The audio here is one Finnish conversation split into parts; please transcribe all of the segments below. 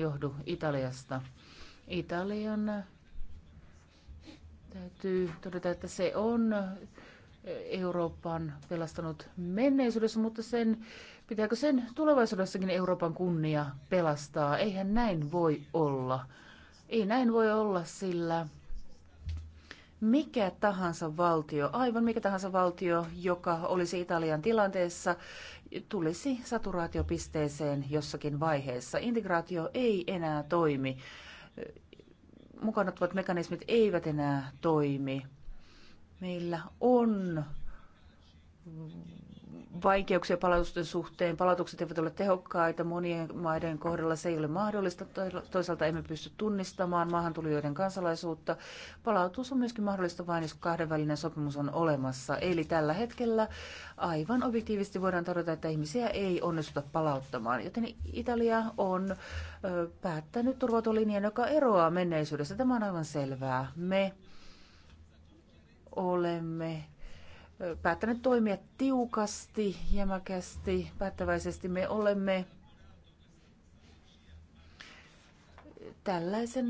johdu Italiasta. Italian täytyy todeta, että se on Euroopan pelastanut menneisyydessä, mutta sen, pitääkö sen tulevaisuudessakin Euroopan kunnia pelastaa? Eihän näin voi olla. Ei näin voi olla, sillä mikä tahansa valtio, aivan mikä tahansa valtio, joka olisi Italian tilanteessa, tulisi saturaatiopisteeseen jossakin vaiheessa. Integraatio ei enää toimi. Mukana mekanismit eivät enää toimi. Meillä on vaikeuksia palautusten suhteen. Palautukset eivät ole tehokkaita. Monien maiden kohdalla se ei ole mahdollista. Toisaalta emme pysty tunnistamaan maahantulijoiden kansalaisuutta. Palautus on myöskin mahdollista vain, jos kahdenvälinen sopimus on olemassa. Eli tällä hetkellä aivan objektiivisesti voidaan todeta, että ihmisiä ei onnistuta palauttamaan. Joten Italia on päättänyt turvautua joka eroaa menneisyydestä. Tämä on aivan selvää. Me olemme päättäneet toimia tiukasti, jämäkästi, päättäväisesti. Me olemme tällaisen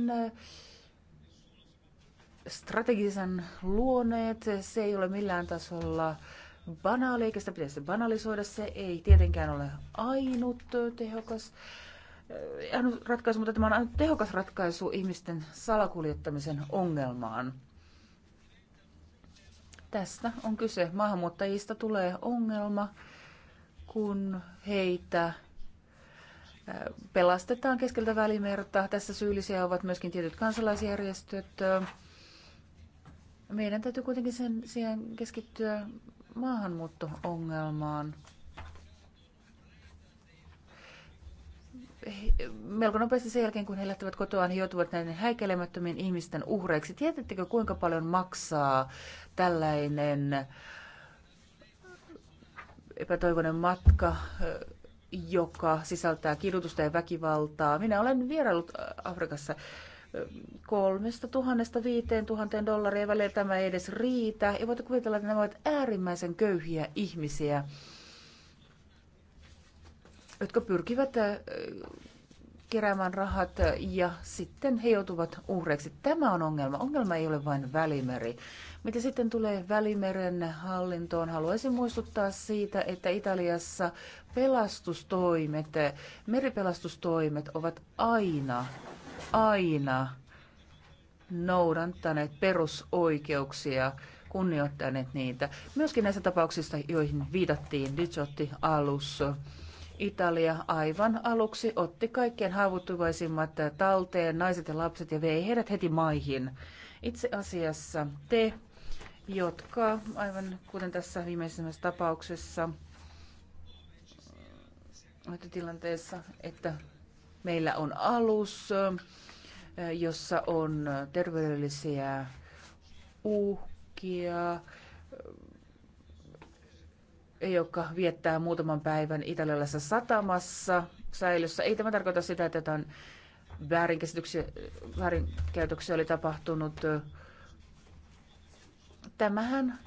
strategisen luoneet. Se ei ole millään tasolla banaali, eikä sitä pitäisi banalisoida. Se ei tietenkään ole ainut tehokas ratkaisu, mutta tämä on ainut tehokas ratkaisu ihmisten salakuljettamisen ongelmaan. Tästä on kyse. Maahanmuuttajista tulee ongelma, kun heitä pelastetaan keskeltä välimerta. Tässä syyllisiä ovat myöskin tietyt kansalaisjärjestöt. Meidän täytyy kuitenkin sen sijaan keskittyä maahanmuutto-ongelmaan. melko nopeasti sen jälkeen, kun he lähtevät kotoaan, he joutuvat näiden häikelemättömien ihmisten uhreiksi. Tiedättekö, kuinka paljon maksaa tällainen epätoivoinen matka, joka sisältää kidutusta ja väkivaltaa? Minä olen vierailut Afrikassa kolmesta tuhannesta viiteen tuhanteen dollaria välillä tämä ei edes riitä. Ja voitte kuvitella, että nämä ovat äärimmäisen köyhiä ihmisiä jotka pyrkivät äh, keräämään rahat äh, ja sitten he joutuvat uhreiksi. Tämä on ongelma. Ongelma ei ole vain välimeri. Mitä sitten tulee välimeren hallintoon, haluaisin muistuttaa siitä, että Italiassa pelastustoimet, meripelastustoimet ovat aina, aina noudantaneet perusoikeuksia, kunnioittaneet niitä. Myöskin näissä tapauksissa, joihin viitattiin, Dijotti alus, Italia aivan aluksi otti kaikkien haavoittuvaisimmat talteen, naiset ja lapset, ja vei heidät heti maihin. Itse asiassa te, jotka, aivan kuten tässä viimeisimmässä tapauksessa, olette tilanteessa, että meillä on alus, jossa on terveydellisiä uhkia, joka viettää muutaman päivän italialaisessa satamassa säilössä. Ei tämä tarkoita sitä, että jotain väärinkäytöksiä oli tapahtunut. Tämähän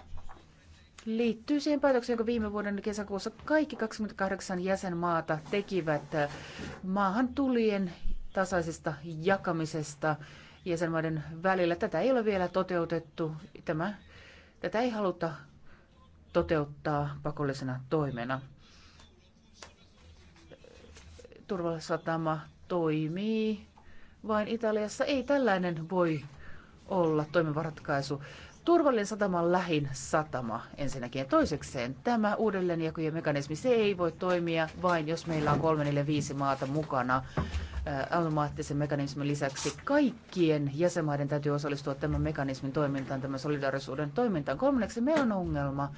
liittyy siihen päätökseen, jonka viime vuoden kesäkuussa kaikki 28 jäsenmaata tekivät maahan tulien tasaisesta jakamisesta jäsenmaiden välillä. Tätä ei ole vielä toteutettu. Tämä, tätä ei haluta toteuttaa pakollisena toimena. Turvallisatama toimii, vain Italiassa ei tällainen voi olla toimiva ratkaisu. Turvallinen satama on lähin satama ensinnäkin. Ja toisekseen tämä uudelleenjakojen mekanismi, se ei voi toimia vain, jos meillä on kolme, neljä, viisi maata mukana äh, automaattisen mekanismin lisäksi. Kaikkien jäsenmaiden täytyy osallistua tämän mekanismin toimintaan, tämän solidaarisuuden toimintaan. Kolmanneksi meillä on ongelma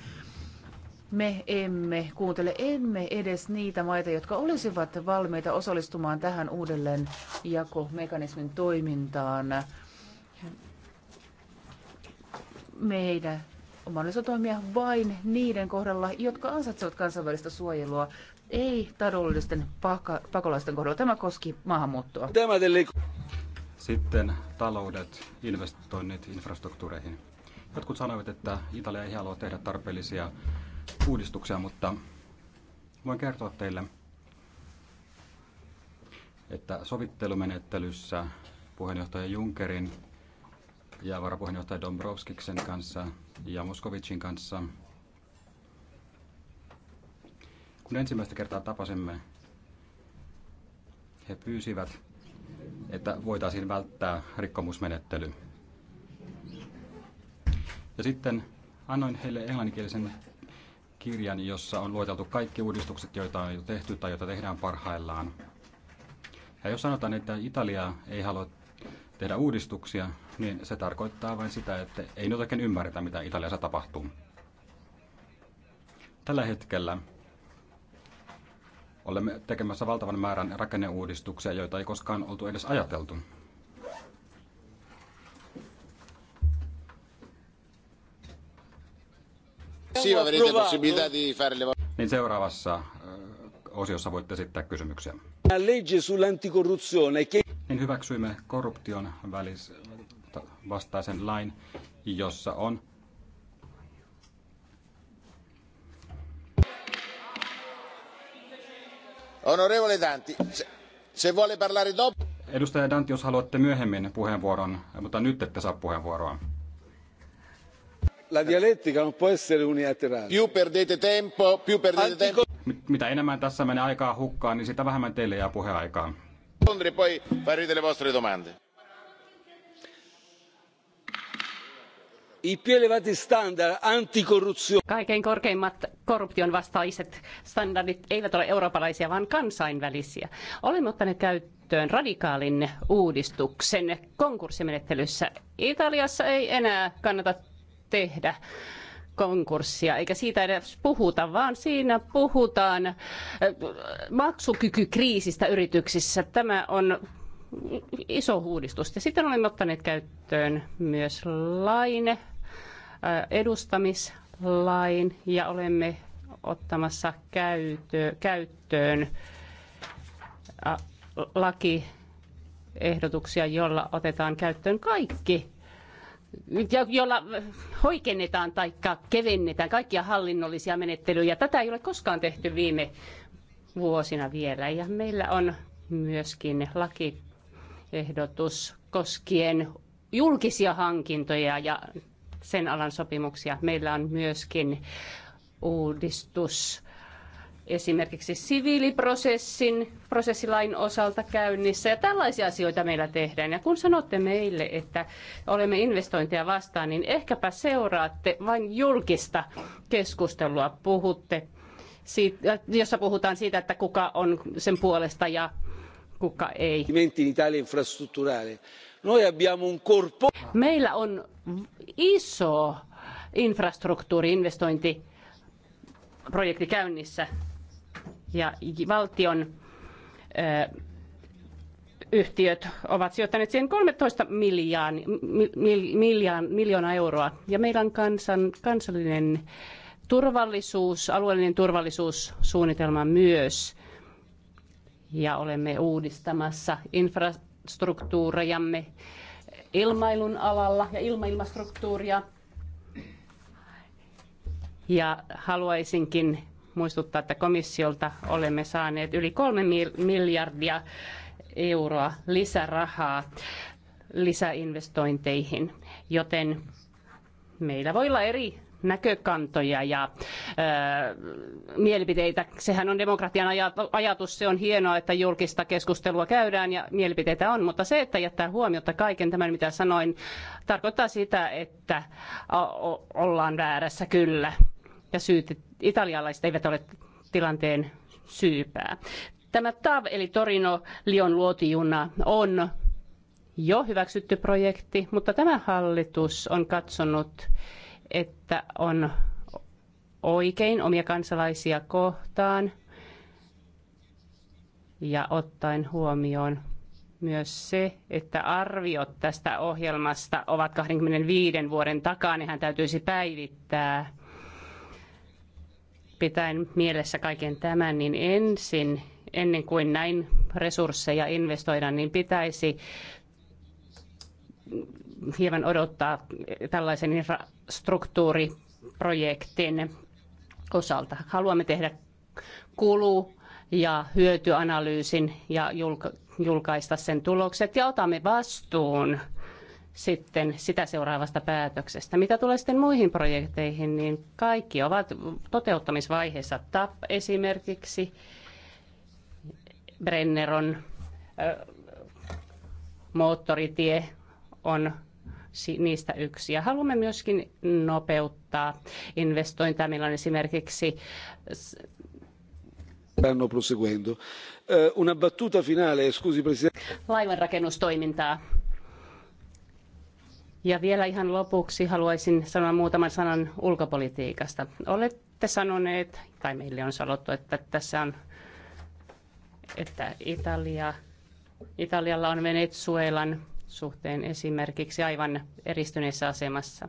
me emme kuuntele, emme edes niitä maita, jotka olisivat valmiita osallistumaan tähän uudelleen jakomekanismin toimintaan. Meidän on mahdollista toimia vain niiden kohdalla, jotka ansaitsevat kansainvälistä suojelua, ei taloudellisten pakolaisten kohdalla. Tämä koski maahanmuuttoa. Sitten taloudet, investoinnit infrastruktuureihin. Jotkut sanoivat, että Italia ei halua tehdä tarpeellisia uudistuksia, mutta voin kertoa teille, että sovittelumenettelyssä puheenjohtaja Junckerin ja varapuheenjohtaja Dombrovskiksen kanssa ja Moskovicin kanssa. Kun ensimmäistä kertaa tapasimme, he pyysivät, että voitaisiin välttää rikkomusmenettely. Ja sitten annoin heille englanninkielisen kirjan, jossa on lueteltu kaikki uudistukset, joita on jo tehty tai joita tehdään parhaillaan. Ja jos sanotaan, että Italia ei halua tehdä uudistuksia, niin se tarkoittaa vain sitä, että ei nyt oikein ymmärretä, mitä Italiassa tapahtuu. Tällä hetkellä olemme tekemässä valtavan määrän rakenneuudistuksia, joita ei koskaan oltu edes ajateltu. No? Niin seuraavassa osiossa voitte esittää kysymyksiä. Niin hyväksyimme korruption välis vastaisen lain, jossa on Onorevole Danti, se, se vuole parlare dopo. Edustaja Danti, jos haluatte myöhemmin puheenvuoron, mutta nyt ette saa puheenvuoroa la dialettica non può essere unilaterale. Più perdete tempo, più perdete tempo. Mitä enemmän tässä menee aikaa hukkaan, niin sitä vähemmän teille jää puheaikaa. Rispondere poi farete le vostre domande. Kaiken korkeimmat korruption vastaiset standardit eivät ole eurooppalaisia, vaan kansainvälisiä. Olemme ottaneet käyttöön radikaalin uudistuksen konkurssimenettelyssä. Italiassa ei enää kannata tehdä konkurssia, eikä siitä edes puhuta, vaan siinä puhutaan äh, maksukykykriisistä yrityksissä. Tämä on iso uudistus. Ja sitten olemme ottaneet käyttöön myös laine äh, edustamislain, ja olemme ottamassa käyttöön äh, lakiehdotuksia, jolla otetaan käyttöön kaikki jolla hoikennetaan tai kevennetään kaikkia hallinnollisia menettelyjä. Tätä ei ole koskaan tehty viime vuosina vielä. Ja meillä on myöskin lakiehdotus koskien julkisia hankintoja ja sen alan sopimuksia. Meillä on myöskin uudistus esimerkiksi siviiliprosessin prosessilain osalta käynnissä ja tällaisia asioita meillä tehdään. Ja kun sanotte meille, että olemme investointeja vastaan, niin ehkäpä seuraatte vain julkista keskustelua. Puhutte siitä, jossa puhutaan siitä, että kuka on sen puolesta ja kuka ei. Meillä on iso infrastruktuuriinvestointi projekti käynnissä ja valtion yhtiöt ovat sijoittaneet siihen 13 mi, miljaan, miljoonaa euroa. Ja meillä on kansan, kansallinen turvallisuus, alueellinen turvallisuussuunnitelma myös. Ja olemme uudistamassa infrastruktuurajamme ilmailun alalla ja ilmailmastruktuuria. Ja haluaisinkin muistuttaa, että komissiolta olemme saaneet yli kolme miljardia euroa lisärahaa lisäinvestointeihin, joten meillä voi olla eri näkökantoja ja ö, mielipiteitä. Sehän on demokratian ajatus, se on hienoa, että julkista keskustelua käydään ja mielipiteitä on, mutta se, että jättää huomiota kaiken tämän, mitä sanoin, tarkoittaa sitä, että ollaan väärässä kyllä ja syytet italialaiset eivät ole tilanteen syypää. Tämä TAV eli Torino Lion luotijuna on jo hyväksytty projekti, mutta tämä hallitus on katsonut, että on oikein omia kansalaisia kohtaan ja ottaen huomioon myös se, että arviot tästä ohjelmasta ovat 25 vuoden takaa, hän täytyisi päivittää pitäen mielessä kaiken tämän, niin ensin, ennen kuin näin resursseja investoida, niin pitäisi hieman odottaa tällaisen infrastruktuuriprojektin osalta. Haluamme tehdä kulu- ja hyötyanalyysin ja julkaista sen tulokset ja otamme vastuun sitten sitä seuraavasta päätöksestä. Mitä tulee sitten muihin projekteihin, niin kaikki ovat toteuttamisvaiheessa. TAP esimerkiksi, Brenner on, moottoritie on niistä yksi. Ja haluamme myöskin nopeuttaa investointia. Meillä on esimerkiksi stanno proseguendo. Una battuta finale, scusi presidente. Laivanrakennustoimintaa ja vielä ihan lopuksi haluaisin sanoa muutaman sanan ulkopolitiikasta. Olette sanoneet, tai meille on sanottu, että tässä on, että Italia, Italialla on Venezuelan suhteen esimerkiksi aivan eristyneessä asemassa.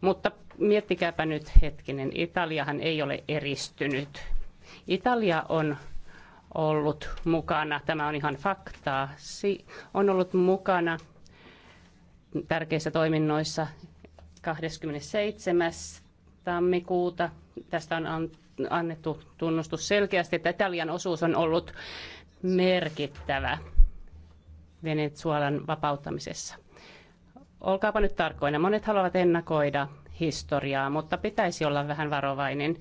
Mutta miettikääpä nyt hetkinen, Italiahan ei ole eristynyt. Italia on ollut mukana, tämä on ihan faktaa, on ollut mukana tärkeissä toiminnoissa 27. tammikuuta. Tästä on annettu tunnustus selkeästi, että Italian osuus on ollut merkittävä Venezuelan vapauttamisessa. Olkaapa nyt tarkkoina. Monet haluavat ennakoida historiaa, mutta pitäisi olla vähän varovainen.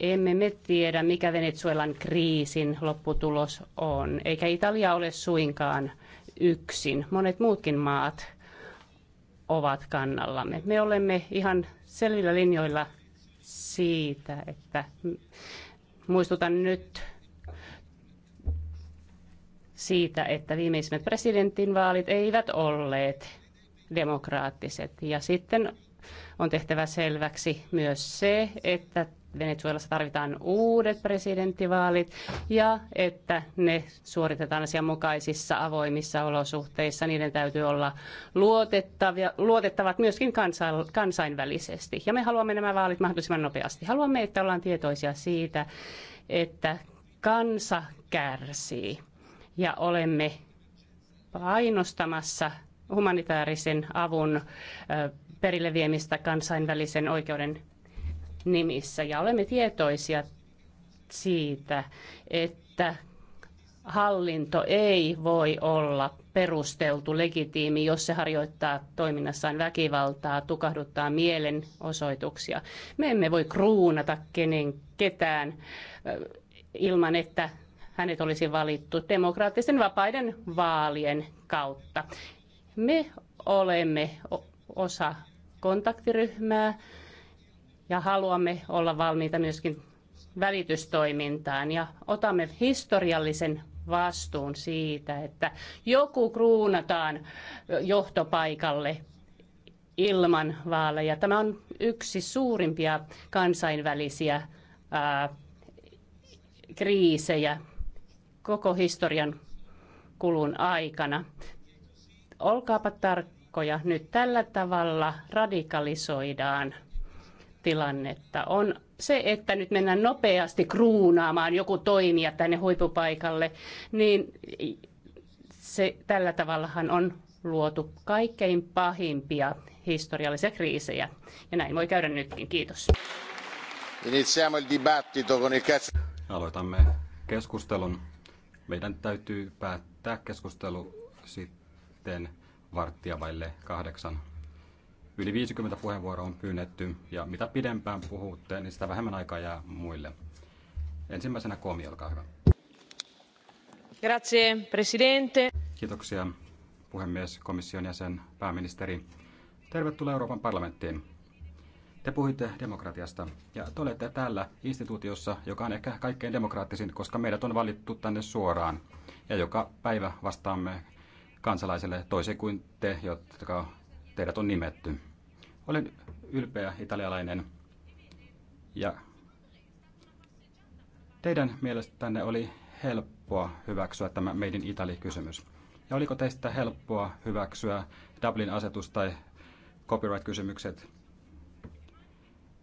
Emme me tiedä, mikä Venezuelan kriisin lopputulos on, eikä Italia ole suinkaan yksin. Monet muutkin maat ovat kannallamme. Me olemme ihan selvillä linjoilla siitä, että muistutan nyt siitä, että viimeisimmät presidentinvaalit eivät olleet demokraattiset. Ja sitten on tehtävä selväksi myös se, että Venezuelassa tarvitaan uudet presidenttivaalit ja että ne suoritetaan asianmukaisissa avoimissa olosuhteissa. Niiden täytyy olla luotettavia, luotettavat myöskin kansainvälisesti. Ja me haluamme nämä vaalit mahdollisimman nopeasti. Haluamme, että ollaan tietoisia siitä, että kansa kärsii ja olemme painostamassa humanitaarisen avun perille viemistä kansainvälisen oikeuden nimissä. Ja olemme tietoisia siitä, että hallinto ei voi olla perusteltu legitiimi, jos se harjoittaa toiminnassaan väkivaltaa, tukahduttaa mielenosoituksia. Me emme voi kruunata kenen ketään ilman, että hänet olisi valittu demokraattisten vapaiden vaalien kautta. Me olemme osa kontaktiryhmää, ja haluamme olla valmiita myöskin välitystoimintaan ja otamme historiallisen vastuun siitä, että joku kruunataan johtopaikalle ilman vaaleja. Tämä on yksi suurimpia kansainvälisiä ää, kriisejä koko historian kulun aikana. Olkaapa tarkkoja, nyt tällä tavalla radikalisoidaan tilannetta on se, että nyt mennään nopeasti kruunaamaan joku toimija tänne huippupaikalle, niin se, tällä tavallahan on luotu kaikkein pahimpia historiallisia kriisejä. Ja näin voi käydä nytkin. Kiitos. Iniziamo il dibattito con il cazzo. Aloitamme keskustelun. Meidän täytyy päättää keskustelu sitten varttia vaille kahdeksan. Yli 50 puheenvuoroa on pyynnetty, ja mitä pidempään puhutte, niin sitä vähemmän aikaa jää muille. Ensimmäisenä Komi, olkaa hyvä. Grazie, presidente. Kiitoksia, puhemies, komission jäsen, pääministeri. Tervetuloa Euroopan parlamenttiin. Te puhuitte demokratiasta ja te olette täällä instituutiossa, joka on ehkä kaikkein demokraattisin, koska meidät on valittu tänne suoraan ja joka päivä vastaamme kansalaiselle toisin kuin te, jotka teidät on nimetty. Olen ylpeä italialainen ja teidän mielestänne oli helppoa hyväksyä tämä Made in Italy-kysymys. Ja oliko teistä helppoa hyväksyä Dublin-asetus tai copyright-kysymykset?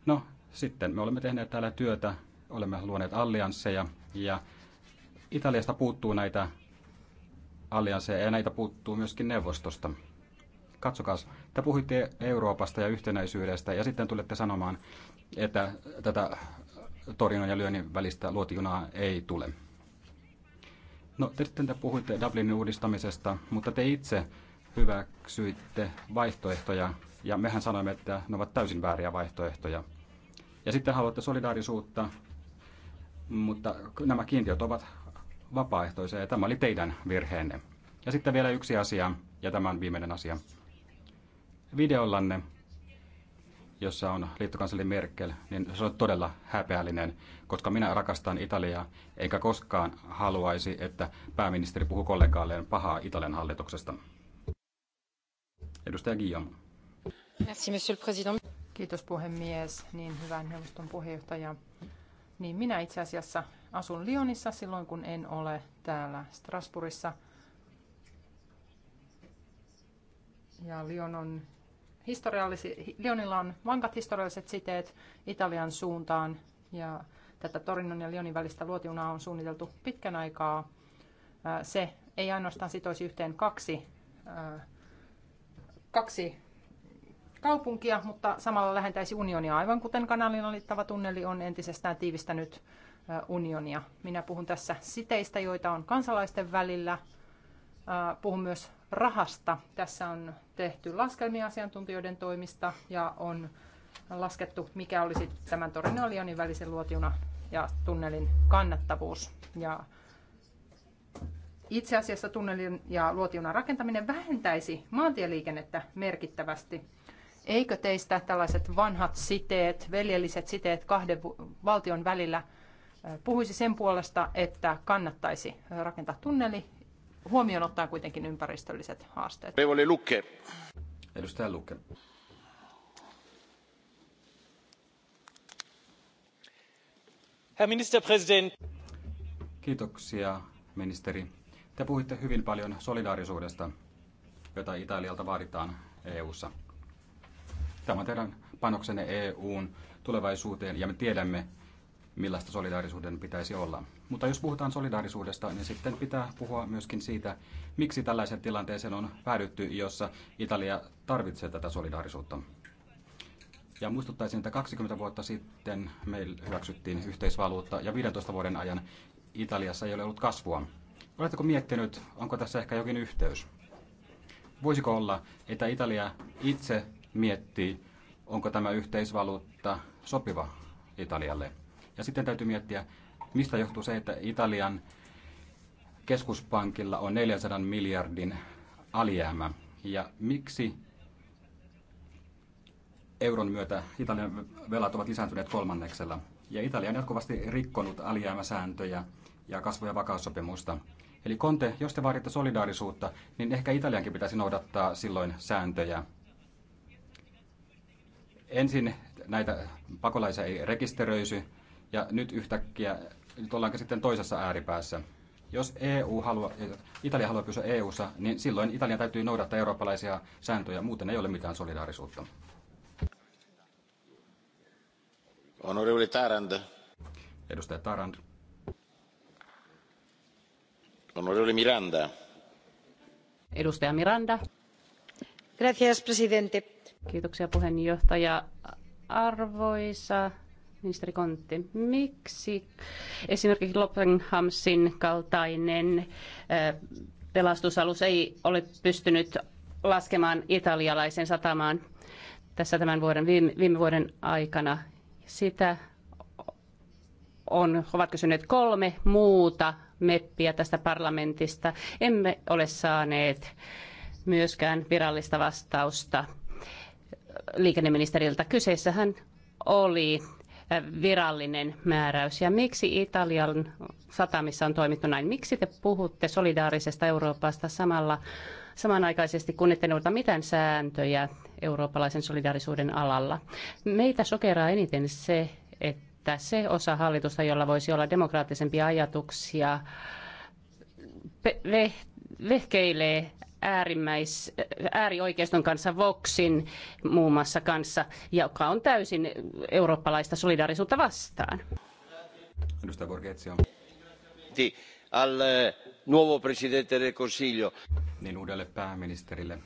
No, sitten me olemme tehneet täällä työtä, olemme luoneet alliansseja ja Italiasta puuttuu näitä alliansseja ja näitä puuttuu myöskin neuvostosta. Katsokaa, te puhuitte Euroopasta ja yhtenäisyydestä ja sitten tulette sanomaan, että tätä Torinon ja lyönnin välistä luotijunaa ei tule. No, te sitten te puhuitte Dublinin uudistamisesta, mutta te itse hyväksyitte vaihtoehtoja, ja mehän sanoimme, että ne ovat täysin vääriä vaihtoehtoja. Ja sitten haluatte solidaarisuutta, mutta nämä kiintiöt ovat vapaaehtoisia, ja tämä oli teidän virheenne. Ja sitten vielä yksi asia, ja tämä on viimeinen asia videollanne, jossa on liittokansleri Merkel, niin se on todella häpeällinen, koska minä rakastan Italiaa, eikä koskaan haluaisi, että pääministeri puhuu kollegaalleen pahaa Italian hallituksesta. Edustaja Guillaume. Merci, monsieur le président. Kiitos puhemies, niin hyvän neuvoston puheenjohtaja. Niin minä itse asiassa asun Lyonissa silloin, kun en ole täällä Strasbourgissa. Ja Lyon on historiallisi, Lionilla on vankat historialliset siteet Italian suuntaan ja tätä Torinon ja Lionin välistä luotiunaa on suunniteltu pitkän aikaa. Se ei ainoastaan sitoisi yhteen kaksi, kaksi kaupunkia, mutta samalla lähentäisi unionia, aivan kuten kanalin alittava tunneli on entisestään tiivistänyt unionia. Minä puhun tässä siteistä, joita on kansalaisten välillä. Puhun myös rahasta. Tässä on tehty laskelmia asiantuntijoiden toimista ja on laskettu, mikä olisi tämän Torin välisen luotjuna ja tunnelin kannattavuus. Ja itse asiassa tunnelin ja luotiunan rakentaminen vähentäisi maantieliikennettä merkittävästi. Eikö teistä tällaiset vanhat siteet, veljelliset siteet kahden valtion välillä puhuisi sen puolesta, että kannattaisi rakentaa tunneli huomioon ottaa kuitenkin ympäristölliset haasteet. Lukke. Edustaja Lukke. Herr Ministerpräsident. Kiitoksia, ministeri. Te puhuitte hyvin paljon solidaarisuudesta, jota Italialta vaaditaan EU:ssa. Tämä on teidän panoksenne EUn tulevaisuuteen ja me tiedämme, millaista solidaarisuuden pitäisi olla. Mutta jos puhutaan solidaarisuudesta, niin sitten pitää puhua myöskin siitä, miksi tällaisen tilanteeseen on päädytty, jossa Italia tarvitsee tätä solidaarisuutta. Ja muistuttaisin, että 20 vuotta sitten meillä hyväksyttiin yhteisvaluutta ja 15 vuoden ajan Italiassa ei ole ollut kasvua. Oletteko miettinyt, onko tässä ehkä jokin yhteys? Voisiko olla, että Italia itse miettii, onko tämä yhteisvaluutta sopiva Italialle? Ja sitten täytyy miettiä, mistä johtuu se, että Italian keskuspankilla on 400 miljardin alijäämä. Ja miksi euron myötä Italian velat ovat lisääntyneet kolmanneksella. Ja Italia on jatkuvasti rikkonut alijäämäsääntöjä ja kasvu- ja vakaussopimusta. Eli Conte, jos te vaaditte solidaarisuutta, niin ehkä Italiankin pitäisi noudattaa silloin sääntöjä. Ensin näitä pakolaisia ei rekisteröisy, ja nyt yhtäkkiä, nyt ollaankin sitten toisessa ääripäässä. Jos EU haluaa, Italia haluaa pysyä EUssa, niin silloin Italian täytyy noudattaa eurooppalaisia sääntöjä, muuten ei ole mitään solidaarisuutta. Honorable Tarand. Edustaja Tarand. Honorable Miranda. Edustaja Miranda. Gracias, presidente. Kiitoksia puheenjohtaja. Arvoisa ministeri Kontti, miksi esimerkiksi Loppenhamsin kaltainen pelastusalus ei ole pystynyt laskemaan italialaisen satamaan tässä tämän vuoden, viime, viime vuoden aikana? Sitä on, ovat kysyneet kolme muuta meppiä tästä parlamentista. Emme ole saaneet myöskään virallista vastausta liikenneministeriltä. Kyseessähän oli virallinen määräys. Ja miksi Italian satamissa on toimittu näin? Miksi te puhutte solidaarisesta Euroopasta samalla, samanaikaisesti, kun ette noudata mitään sääntöjä eurooppalaisen solidaarisuuden alalla? Meitä sokeraa eniten se, että se osa hallitusta, jolla voisi olla demokraattisempia ajatuksia, vehkeilee äärimmäis, äärioikeiston kanssa, Voxin muun muassa kanssa, joka on täysin eurooppalaista solidaarisuutta vastaan. Edustaja Borghezio. Al eh, nuovo presidente del Consiglio. Niin uudelle pääministerille.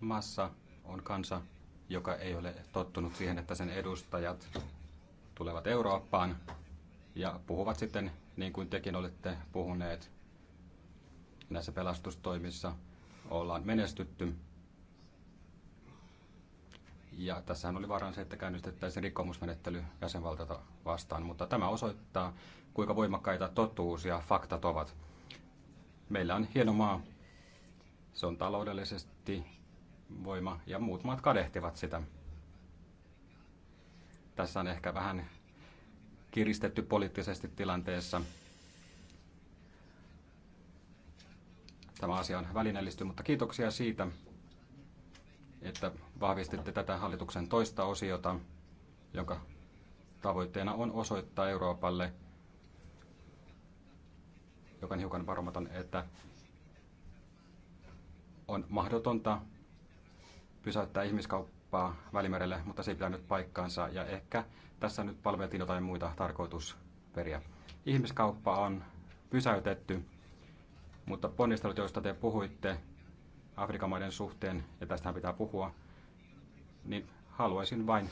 Massa on kansa, joka ei ole tottunut siihen, että sen edustajat tulevat Eurooppaan ja puhuvat sitten niin kuin tekin olette puhuneet, näissä pelastustoimissa ollaan menestytty. Ja tässähän oli varan se, että käynnistettäisiin rikkomusmenettely jäsenvaltiota vastaan, mutta tämä osoittaa, kuinka voimakkaita totuus ja faktat ovat. Meillä on hieno maa, se on taloudellisesti voima ja muut maat kadehtivat sitä. Tässä on ehkä vähän kiristetty poliittisesti tilanteessa. Tämä asia on välineellisty, mutta kiitoksia siitä, että vahvistitte tätä hallituksen toista osiota, jonka tavoitteena on osoittaa Euroopalle, joka on hiukan varomaton, että on mahdotonta pysäyttää ihmiskauppaa Välimerelle, mutta se ei pitänyt paikkaansa ja ehkä tässä nyt palveltiin jotain muita tarkoitusperiä. Ihmiskauppa on pysäytetty, mutta ponnistelut, joista te puhuitte Afrikan maiden suhteen, ja tästä pitää puhua, niin haluaisin vain,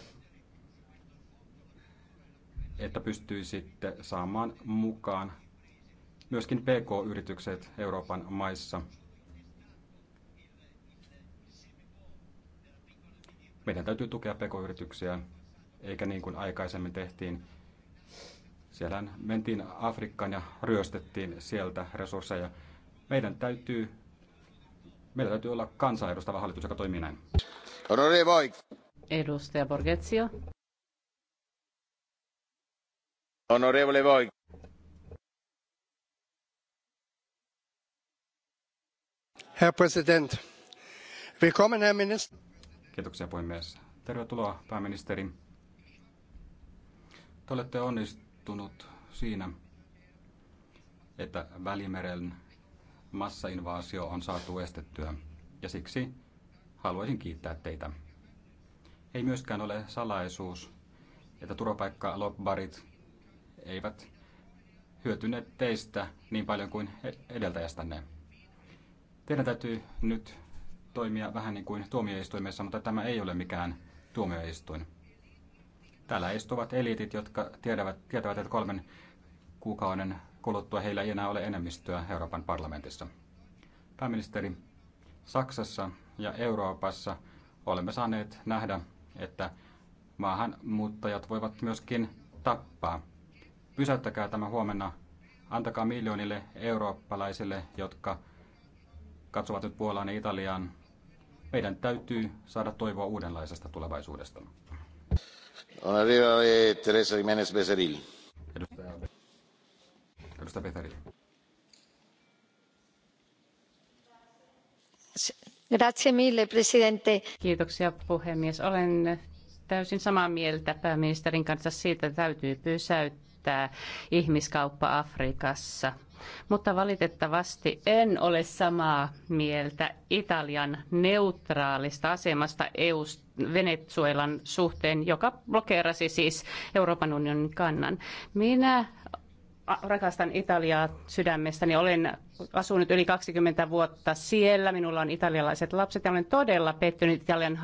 että pystyisitte saamaan mukaan myöskin PK-yritykset Euroopan maissa. Meidän täytyy tukea PK-yrityksiä eikä niin kuin aikaisemmin tehtiin. Siellä mentiin Afrikkaan ja ryöstettiin sieltä resursseja. Meidän täytyy, meillä täytyy olla kansaa edustava hallitus, joka toimii näin. Edustaja Borgetsio. Onorevole voi. Herr President, Willkommen, Herr Minister. Kiitoksia puhemies. Tervetuloa pääministeri. Te olette onnistunut siinä, että Välimeren massainvaasio on saatu estettyä ja siksi haluaisin kiittää teitä. Ei myöskään ole salaisuus, että turvapaikkalobbarit eivät hyötyneet teistä niin paljon kuin edeltäjästänne. Teidän täytyy nyt toimia vähän niin kuin tuomioistuimessa, mutta tämä ei ole mikään tuomioistuin. Täällä istuvat eliitit, jotka tiedävät, tietävät, että kolmen kuukauden kuluttua heillä ei enää ole enemmistöä Euroopan parlamentissa. Pääministeri, Saksassa ja Euroopassa olemme saaneet nähdä, että maahanmuuttajat voivat myöskin tappaa. Pysäyttäkää tämä huomenna. Antakaa miljoonille eurooppalaisille, jotka katsovat nyt Puolaan ja Italiaan. Meidän täytyy saada toivoa uudenlaisesta tulevaisuudesta. Onorevole eh, Kiitoksia puhemies. Olen täysin samaa mieltä pääministerin kanssa siitä, että täytyy pysäyttää ihmiskauppa Afrikassa mutta valitettavasti en ole samaa mieltä Italian neutraalista asemasta EU Venezuelan suhteen, joka blokeerasi siis Euroopan unionin kannan. Minä rakastan Italiaa sydämestäni. Olen asunut yli 20 vuotta siellä. Minulla on italialaiset lapset ja olen todella pettynyt Italian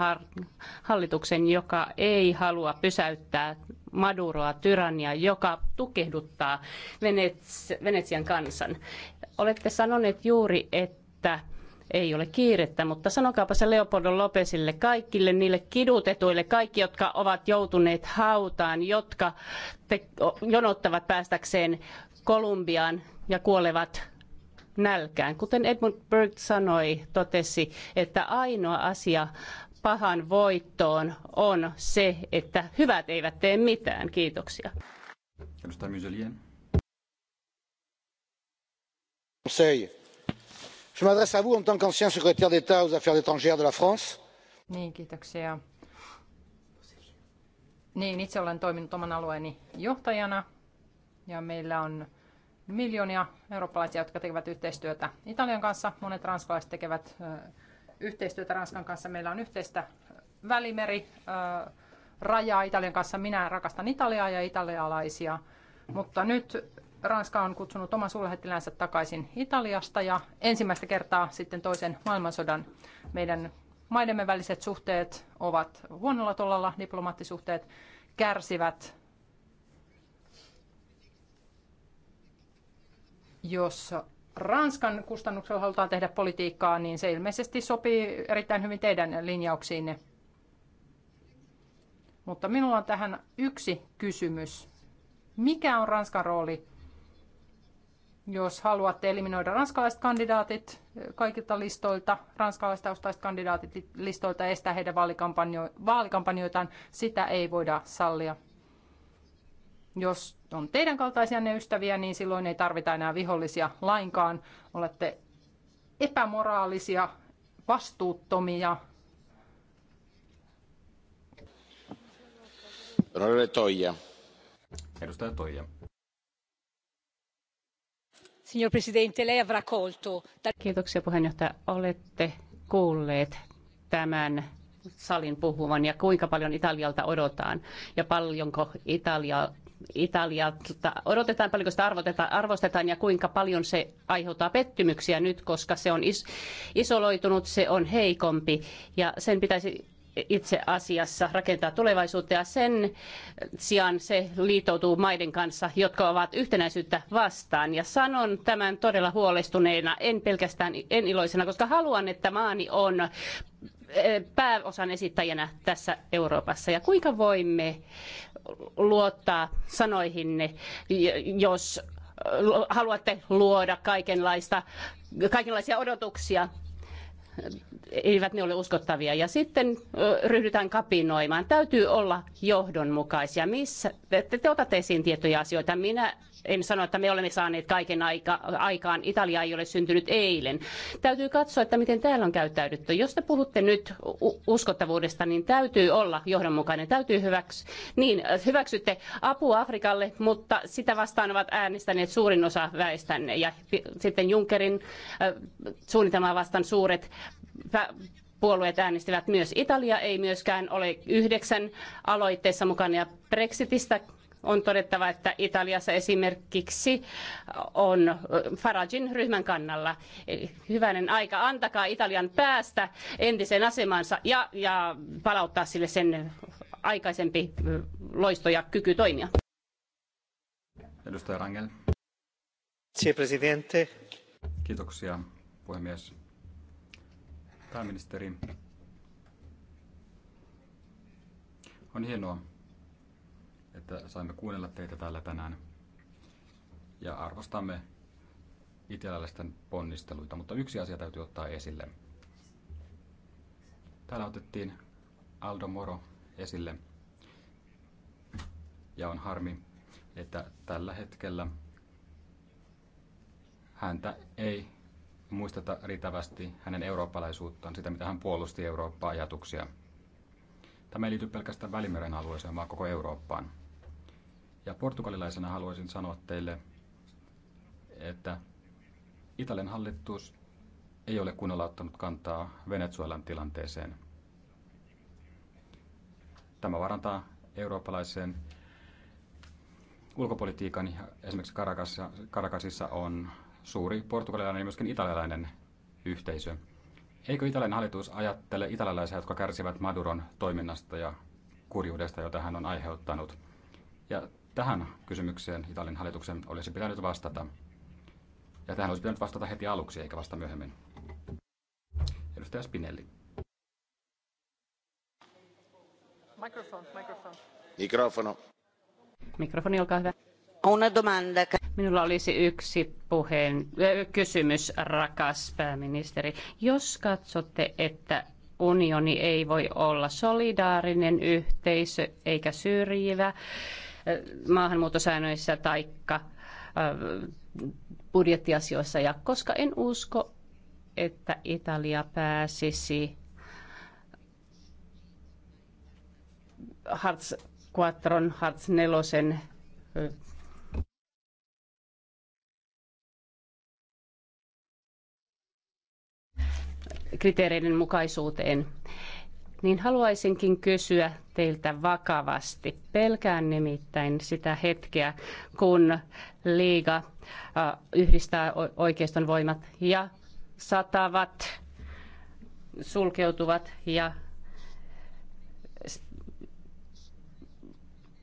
hallituksen, joka ei halua pysäyttää Maduroa, tyrannia, joka tukehduttaa Venets- Venetsian kansan. Olette sanoneet juuri, että ei ole kiirettä, mutta sanokaapa se Leopoldo Lopesille, kaikille niille kidutetuille, kaikki, jotka ovat joutuneet hautaan, jotka te, jonottavat päästäkseen Kolumbiaan ja kuolevat nälkään. Kuten Edmund Burke sanoi, totesi, että ainoa asia pahan voittoon on se, että hyvät eivät tee mitään. Kiitoksia. Edustaja Myselien je m'adresse à vous en tant qu'ancien secrétaire d'état aux affaires étrangères de la france. Niin, kiitoksia. Niin, itse olen toiminut oman alueeni johtajana ja meillä on miljoonia eurooppalaisia, jotka tekevät yhteistyötä Italian kanssa. Monet ranskalaiset tekevät yhteistyötä Ranskan kanssa. Meillä on yhteistä välimeri, rajaa Italian kanssa. Minä rakastan Italiaa ja italialaisia, mutta nyt Ranska on kutsunut oman suurlähettiläänsä takaisin Italiasta ja ensimmäistä kertaa sitten toisen maailmansodan meidän maidemme väliset suhteet ovat huonolla tollalla, diplomaattisuhteet kärsivät. Jos Ranskan kustannuksella halutaan tehdä politiikkaa, niin se ilmeisesti sopii erittäin hyvin teidän linjauksiinne. Mutta minulla on tähän yksi kysymys. Mikä on Ranskan rooli jos haluatte eliminoida ranskalaiset kandidaatit eh, kaikilta listoilta, ranskalaistaustaiset kandidaatit listoilta ja estää heidän vaalikampanjo- vaalikampanjoitaan, sitä ei voida sallia. Jos on teidän kaltaisia ne ystäviä, niin silloin ei tarvita enää vihollisia lainkaan. Olette epämoraalisia, vastuuttomia. Toija. Edustaja Toija. Signor Presidente, lei avrà colto. Kiitoksia puheenjohtaja. Olette kuulleet tämän salin puhuvan ja kuinka paljon Italialta odotetaan ja paljonko Italia, Italialta odotetaan, paljonko sitä arvostetaan ja kuinka paljon se aiheuttaa pettymyksiä nyt, koska se on is, isoloitunut, se on heikompi ja sen pitäisi itse asiassa rakentaa tulevaisuutta ja sen sijaan se liitoutuu maiden kanssa, jotka ovat yhtenäisyyttä vastaan. Ja sanon tämän todella huolestuneena, en pelkästään en iloisena, koska haluan, että maani on eh, pääosan esittäjänä tässä Euroopassa. Ja kuinka voimme luottaa sanoihinne, jos haluatte luoda kaikenlaista, kaikenlaisia odotuksia eivät ne ole uskottavia. Ja sitten ryhdytään kapinoimaan. Täytyy olla johdonmukaisia. Missä, te, te otatte esiin tiettyjä asioita. Minä en sano, että me olemme saaneet kaiken aika, aikaan. Italia ei ole syntynyt eilen. Täytyy katsoa, että miten täällä on käyttäydytty. Jos te puhutte nyt uskottavuudesta, niin täytyy olla johdonmukainen. Täytyy hyväksy, niin, hyväksytte apua Afrikalle, mutta sitä vastaan ovat äänestäneet suurin osa väestänne. Ja sitten Junckerin äh, suunnitelmaa vastaan suuret puolueet äänestivät myös. Italia ei myöskään ole yhdeksän aloitteessa mukana ja Brexitistä on todettava, että Italiassa esimerkiksi on Faragin ryhmän kannalla. Eli hyvänen aika, antakaa Italian päästä entiseen asemansa ja, ja palauttaa sille sen aikaisempi loisto ja kyky toimia. Edustaja Rangel. Kiitoksia puhemies. Pääministeri, on hienoa, että saimme kuunnella teitä täällä tänään ja arvostamme italialaisten ponnisteluita, mutta yksi asia täytyy ottaa esille. Täällä otettiin Aldo Moro esille ja on harmi, että tällä hetkellä häntä ei muisteta riittävästi hänen eurooppalaisuuttaan, sitä mitä hän puolusti Eurooppaa ajatuksia Tämä ei liity pelkästään Välimeren alueeseen, vaan koko Eurooppaan. Ja portugalilaisena haluaisin sanoa teille, että Italian hallitus ei ole kunnolla ottanut kantaa Venezuelan tilanteeseen. Tämä varantaa eurooppalaisen ulkopolitiikan. Esimerkiksi Karakasissa on suuri portugalilainen ja myöskin italialainen yhteisö. Eikö italian hallitus ajattele italialaisia, jotka kärsivät Maduron toiminnasta ja kurjuudesta, jota hän on aiheuttanut? Ja tähän kysymykseen Italian hallituksen olisi pitänyt vastata. Ja tähän olisi pitänyt vastata heti aluksi, eikä vasta myöhemmin. Edustaja Spinelli. Mikrofoni, mikrofoni. Mikrofono. Mikrofoni, olkaa hyvä. Minulla olisi yksi puheen, kysymys, rakas pääministeri. Jos katsotte, että unioni ei voi olla solidaarinen yhteisö eikä syrjivä maahanmuuttosäännöissä taikka budjettiasioissa, ja koska en usko, että Italia pääsisi Hartz 4, Hartz 4 kriteereiden mukaisuuteen, niin haluaisinkin kysyä teiltä vakavasti. Pelkään nimittäin sitä hetkeä, kun liiga yhdistää oikeiston voimat ja satavat sulkeutuvat ja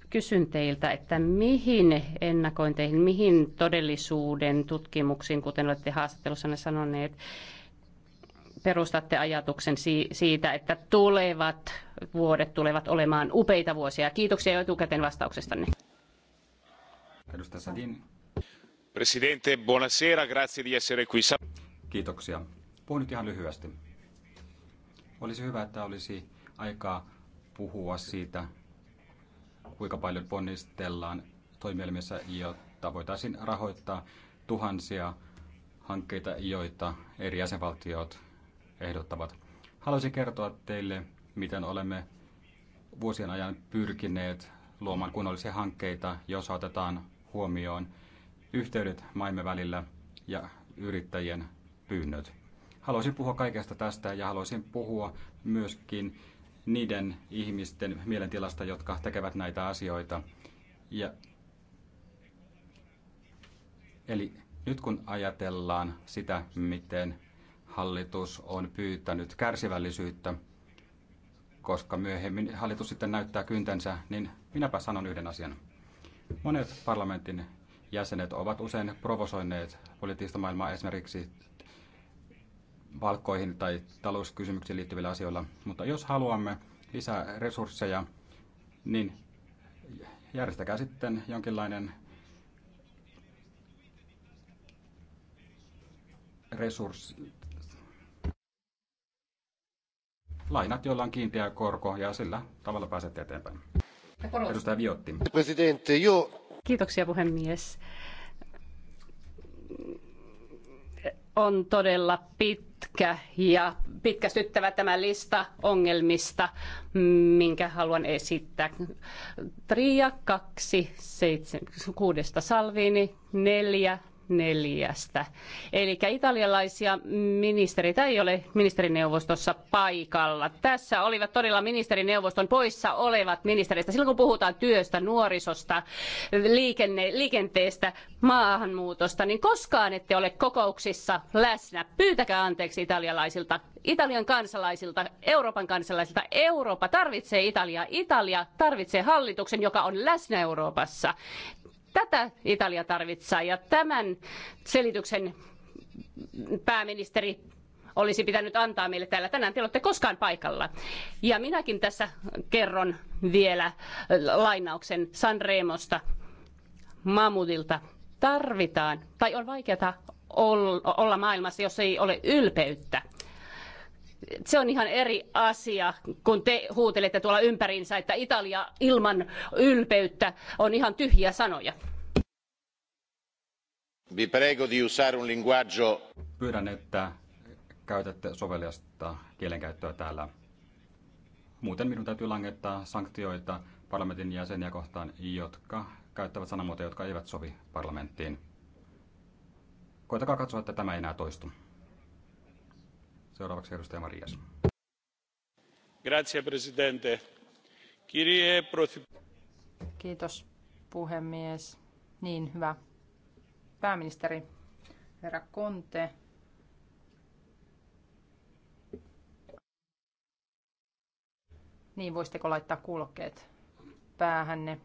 kysyn teiltä, että mihin ennakointeihin, mihin todellisuuden tutkimuksiin, kuten olette haastattelussanne sanoneet, perustatte ajatuksen siitä, että tulevat vuodet tulevat olemaan upeita vuosia. Kiitoksia jo etukäteen vastauksestanne. Edustaja Sadin. Presidente, buonasera, grazie di essere qui. Kiitoksia. Puhun nyt ihan lyhyesti. Olisi hyvä, että olisi aikaa puhua siitä, kuinka paljon ponnistellaan toimielimissä, jotta voitaisiin rahoittaa tuhansia hankkeita, joita eri jäsenvaltiot ehdottavat. Haluaisin kertoa teille, miten olemme vuosien ajan pyrkineet luomaan kunnollisia hankkeita, jos otetaan huomioon yhteydet maimme välillä ja yrittäjien pyynnöt. Haluaisin puhua kaikesta tästä ja haluaisin puhua myöskin niiden ihmisten mielentilasta, jotka tekevät näitä asioita. Ja Eli nyt kun ajatellaan sitä, miten hallitus on pyytänyt kärsivällisyyttä, koska myöhemmin hallitus sitten näyttää kyntensä, niin minäpä sanon yhden asian. Monet parlamentin jäsenet ovat usein provosoineet poliittista maailmaa esimerkiksi valkoihin tai talouskysymyksiin liittyvillä asioilla. Mutta jos haluamme lisää resursseja, niin järjestäkää sitten jonkinlainen resurssi, lainat, joilla on kiinteä korko ja sillä tavalla pääset eteenpäin. Edustaja Viotti. Kiitoksia puhemies. On todella pitkä ja pitkästyttävä tämä lista ongelmista, minkä haluan esittää. Tria, kaksi, seitsemän, kuudesta Salvini, neljä, neljästä. Eli italialaisia ministerit, ei ole ministerineuvostossa paikalla. Tässä olivat todella ministerineuvoston poissa olevat ministeristä. Silloin kun puhutaan työstä, nuorisosta, liikenne, liikenteestä, maahanmuutosta, niin koskaan ette ole kokouksissa läsnä. Pyytäkää anteeksi italialaisilta, Italian kansalaisilta, Euroopan kansalaisilta. Eurooppa tarvitsee Italiaa. Italia tarvitsee hallituksen, joka on läsnä Euroopassa. Tätä Italia tarvitsee ja tämän selityksen pääministeri olisi pitänyt antaa meille täällä tänään. Te olette koskaan paikalla. Ja minäkin tässä kerron vielä lainauksen Sanremosta mamudilta Tarvitaan, tai on vaikeata olla maailmassa, jos ei ole ylpeyttä se on ihan eri asia, kun te huutelette tuolla ympäriinsä, että Italia ilman ylpeyttä on ihan tyhjiä sanoja. Vi prego di usare un linguaggio. Pyydän, että käytätte soveliasta kielenkäyttöä täällä. Muuten minun täytyy langettaa sanktioita parlamentin jäseniä kohtaan, jotka käyttävät sanamuotoja, jotka eivät sovi parlamenttiin. Koitakaa katsoa, että tämä ei enää toistu. Seuraavaksi edustaja Marias. Grazie, presidente. Kirje Kiitos, puhemies. Niin, hyvä. Pääministeri, herra Conte, Niin, voisitteko laittaa kuulokkeet päähänne?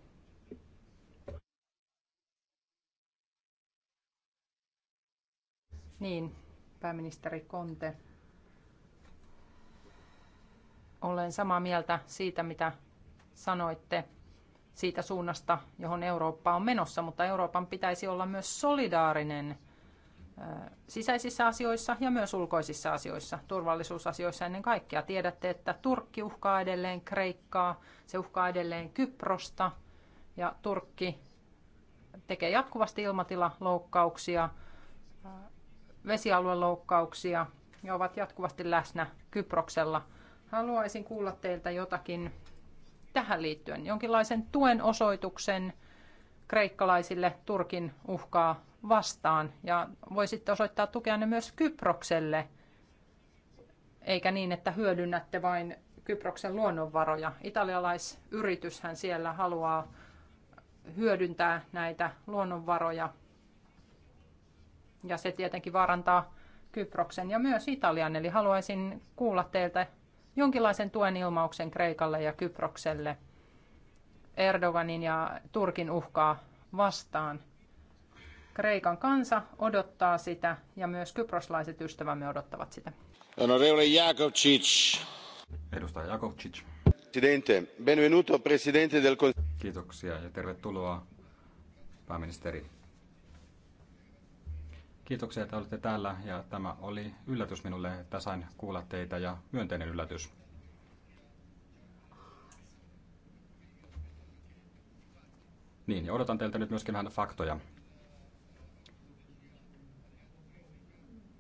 Niin, pääministeri Konte. Olen samaa mieltä siitä, mitä sanoitte siitä suunnasta, johon Eurooppa on menossa, mutta Euroopan pitäisi olla myös solidaarinen sisäisissä asioissa ja myös ulkoisissa asioissa, turvallisuusasioissa ennen kaikkea. Tiedätte, että Turkki uhkaa edelleen Kreikkaa, se uhkaa edelleen Kyprosta ja Turkki tekee jatkuvasti ilmatilaloukkauksia, vesialueloukkauksia ja ovat jatkuvasti läsnä Kyproksella – Haluaisin kuulla teiltä jotakin tähän liittyen, jonkinlaisen tuen osoituksen kreikkalaisille Turkin uhkaa vastaan. Ja voisitte osoittaa ne myös Kyprokselle, eikä niin, että hyödynnätte vain Kyproksen luonnonvaroja. Italialaisyrityshän siellä haluaa hyödyntää näitä luonnonvaroja. Ja se tietenkin vaarantaa Kyproksen ja myös Italian. Eli haluaisin kuulla teiltä jonkinlaisen tuen ilmauksen Kreikalle ja Kyprokselle Erdoganin ja Turkin uhkaa vastaan. Kreikan kansa odottaa sitä ja myös kyproslaiset ystävämme odottavat sitä. Onorevole Jakovčić. Edustaja Jakovcic. Presidente, benvenuto presidente del Kiitoksia ja tervetuloa pääministeri Kiitoksia, että olette täällä ja tämä oli yllätys minulle, että sain kuulla teitä ja myönteinen yllätys. Niin, ja odotan teiltä nyt myöskin vähän faktoja.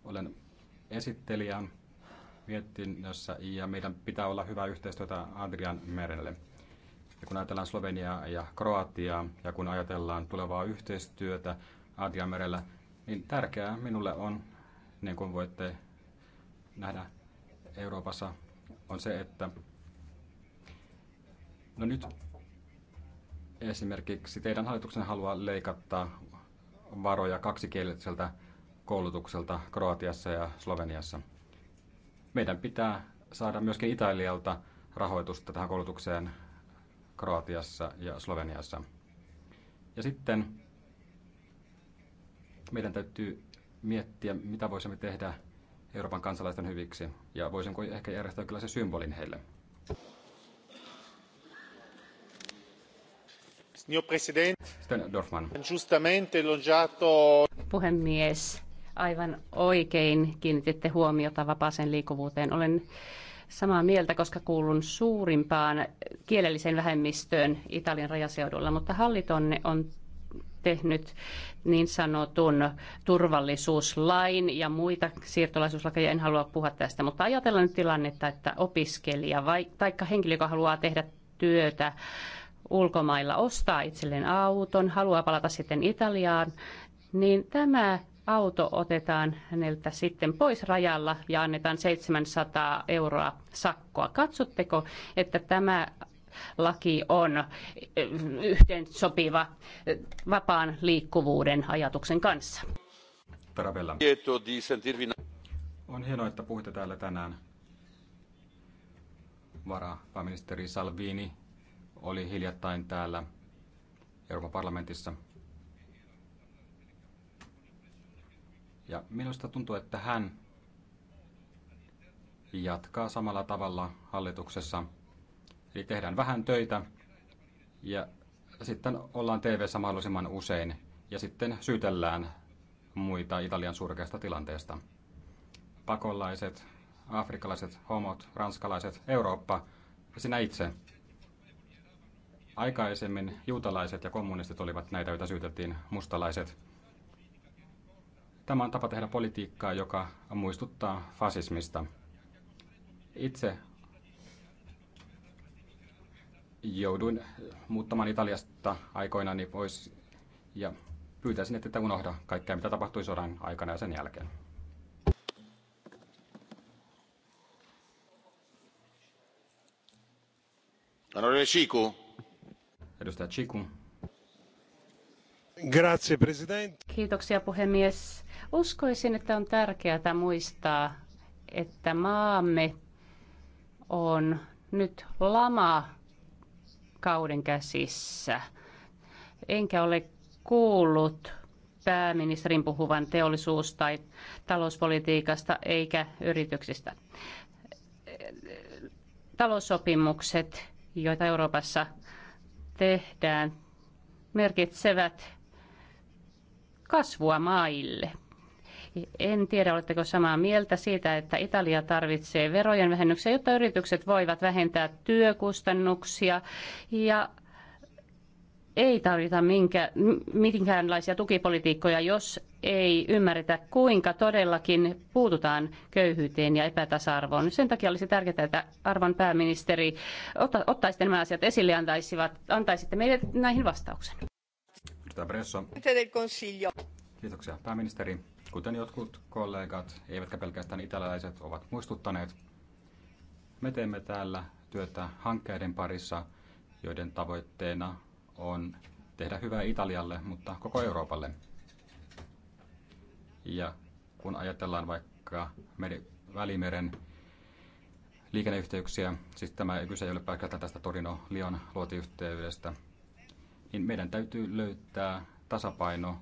Olen esittelijä mietinnössä ja meidän pitää olla hyvä yhteistyötä Adrian merelle. Ja kun ajatellaan Sloveniaa ja Kroatiaa ja kun ajatellaan tulevaa yhteistyötä Adrian merellä, niin tärkeää minulle on, niin kuin voitte nähdä Euroopassa, on se, että no nyt esimerkiksi teidän hallituksen haluaa leikata varoja kaksikieliseltä koulutukselta Kroatiassa ja Sloveniassa. Meidän pitää saada myöskin Italialta rahoitusta tähän koulutukseen Kroatiassa ja Sloveniassa. Ja sitten meidän täytyy miettiä, mitä voisimme tehdä Euroopan kansalaisten hyviksi ja voisinko ehkä järjestää kyllä se symbolin heille. Sitten Dorfman. Puhemies, aivan oikein kiinnititte huomiota vapaaseen liikkuvuuteen. Olen samaa mieltä, koska kuulun suurimpaan kielelliseen vähemmistöön Italian rajaseudulla, mutta hallitonne on tehnyt niin sanotun turvallisuuslain ja muita siirtolaisuuslakeja. En halua puhua tästä, mutta ajatellaan nyt tilannetta, että opiskelija vai, tai henkilö, joka haluaa tehdä työtä ulkomailla, ostaa itselleen auton, haluaa palata sitten Italiaan, niin tämä auto otetaan häneltä sitten pois rajalla ja annetaan 700 euroa sakkoa. Katsotteko, että tämä laki on eh, yhteen sopiva eh, vapaan liikkuvuuden ajatuksen kanssa. Tarabella. On hienoa, että puhutte täällä tänään. pääministeri Salvini oli hiljattain täällä Euroopan parlamentissa. Ja minusta tuntuu, että hän jatkaa samalla tavalla hallituksessa – Eli tehdään vähän töitä ja sitten ollaan tv mahdollisimman usein ja sitten syytellään muita Italian surkeasta tilanteesta. Pakolaiset, afrikkalaiset, homot, ranskalaiset, Eurooppa ja sinä itse. Aikaisemmin juutalaiset ja kommunistit olivat näitä, joita syytettiin mustalaiset. Tämä on tapa tehdä politiikkaa, joka muistuttaa fasismista. Itse jouduin äh, muuttamaan Italiasta niin pois ja pyytäisin, että unohda kaikkea, mitä tapahtui sodan aikana ja sen jälkeen. Onorevole Cicu. Edustaja Chiku. Grazie, president. Kiitoksia puhemies. Uskoisin, että on tärkeää muistaa, että maamme on nyt lama kauden käsissä. Enkä ole kuullut pääministerin puhuvan teollisuus- tai talouspolitiikasta eikä yrityksistä. Taloussopimukset, joita Euroopassa tehdään, merkitsevät kasvua maille. En tiedä, oletteko samaa mieltä siitä, että Italia tarvitsee verojen vähennyksiä, jotta yritykset voivat vähentää työkustannuksia ja ei tarvita minkä, minkäänlaisia tukipolitiikkoja, jos ei ymmärretä, kuinka todellakin puututaan köyhyyteen ja epätasa-arvoon. Sen takia olisi tärkeää, että arvon pääministeri otta, ottaisitte nämä asiat esille ja antaisitte meille näihin vastauksen. Kiitoksia pääministeri kuten jotkut kollegat, eivätkä pelkästään italialaiset, ovat muistuttaneet, me teemme täällä työtä hankkeiden parissa, joiden tavoitteena on tehdä hyvää Italialle, mutta koko Euroopalle. Ja kun ajatellaan vaikka Välimeren liikenneyhteyksiä, siis tämä kyse ei ole pelkästään tästä Torino-Lion luotiyhteydestä, niin meidän täytyy löytää tasapaino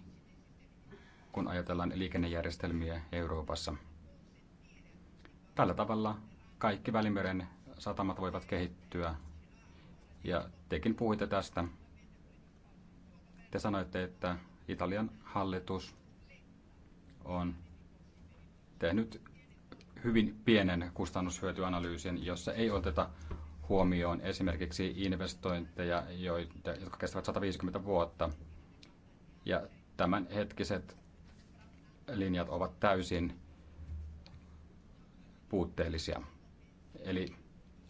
kun ajatellaan liikennejärjestelmiä Euroopassa. Tällä tavalla kaikki Välimeren satamat voivat kehittyä. Ja tekin puhuitte tästä. Te sanoitte, että Italian hallitus on tehnyt hyvin pienen kustannushyötyanalyysin, jossa ei oteta huomioon esimerkiksi investointeja, jotka kestävät 150 vuotta. Ja tämänhetkiset linjat ovat täysin puutteellisia. Eli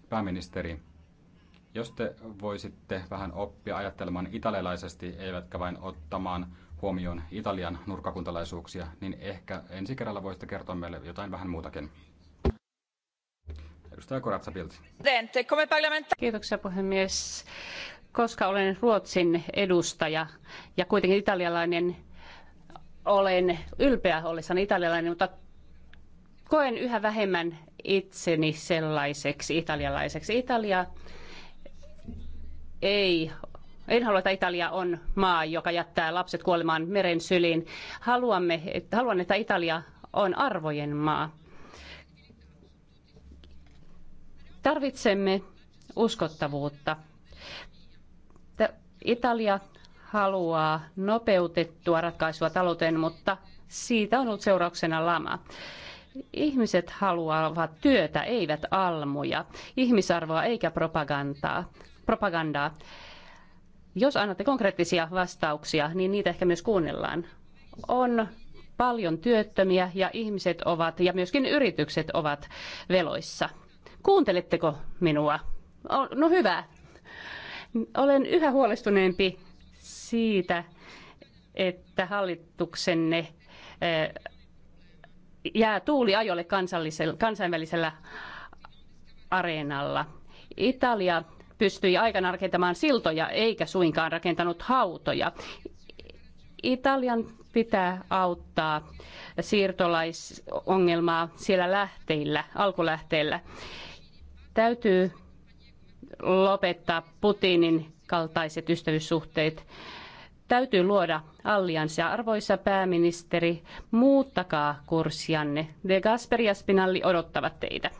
pääministeri, jos te voisitte vähän oppia ajattelemaan italialaisesti, eivätkä vain ottamaan huomioon Italian nurkakuntalaisuuksia, niin ehkä ensi kerralla voisitte kertoa meille jotain vähän muutakin. Edustaja Koratsa Kiitoksia puhemies. Koska olen Ruotsin edustaja ja kuitenkin italialainen olen ylpeä ollessani italialainen, mutta koen yhä vähemmän itseni sellaiseksi italialaiseksi. Italia ei, en halua, että Italia on maa, joka jättää lapset kuolemaan meren syliin. Haluamme, että, haluan, että Italia on arvojen maa. Tarvitsemme uskottavuutta. Italia haluaa nopeutettua ratkaisua talouteen, mutta siitä on ollut seurauksena lama. Ihmiset haluavat työtä, eivät almuja, ihmisarvoa eikä propagandaa. propagandaa. Jos annatte konkreettisia vastauksia, niin niitä ehkä myös kuunnellaan. On paljon työttömiä ja ihmiset ovat ja myöskin yritykset ovat veloissa. Kuunteletteko minua? No hyvä. Olen yhä huolestuneempi siitä, että hallituksenne eh, jää ajolle kansainvälisellä areenalla. Italia pystyi aikana rakentamaan siltoja eikä suinkaan rakentanut hautoja. Italian pitää auttaa siirtolaisongelmaa siellä lähteillä, alkulähteillä. Täytyy lopettaa Putinin kaltaiset ystävyyssuhteet Täytyy luoda allianssia. Arvoisa pääministeri, muuttakaa kurssianne. De Gasperi ja Spinalli odottavat teitä.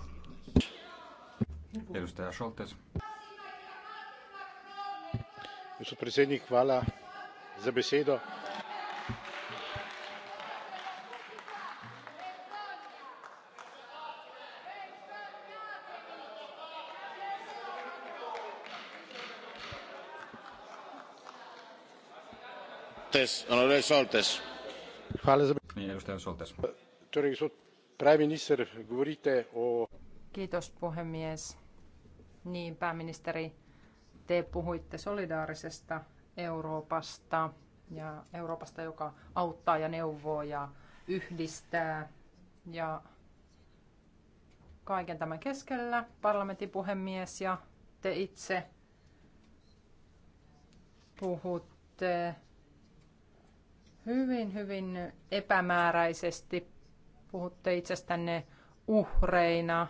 Edustaja Scholtes. Gospod predsednik, hvala za besedo. Niin, pääministeri, o... Kiitos puhemies. Niin, pääministeri, te puhuitte solidaarisesta Euroopasta ja Euroopasta, joka auttaa ja neuvoo ja yhdistää. Ja kaiken tämän keskellä parlamentin puhemies ja te itse puhutte hyvin, hyvin epämääräisesti. Puhutte itsestänne uhreina.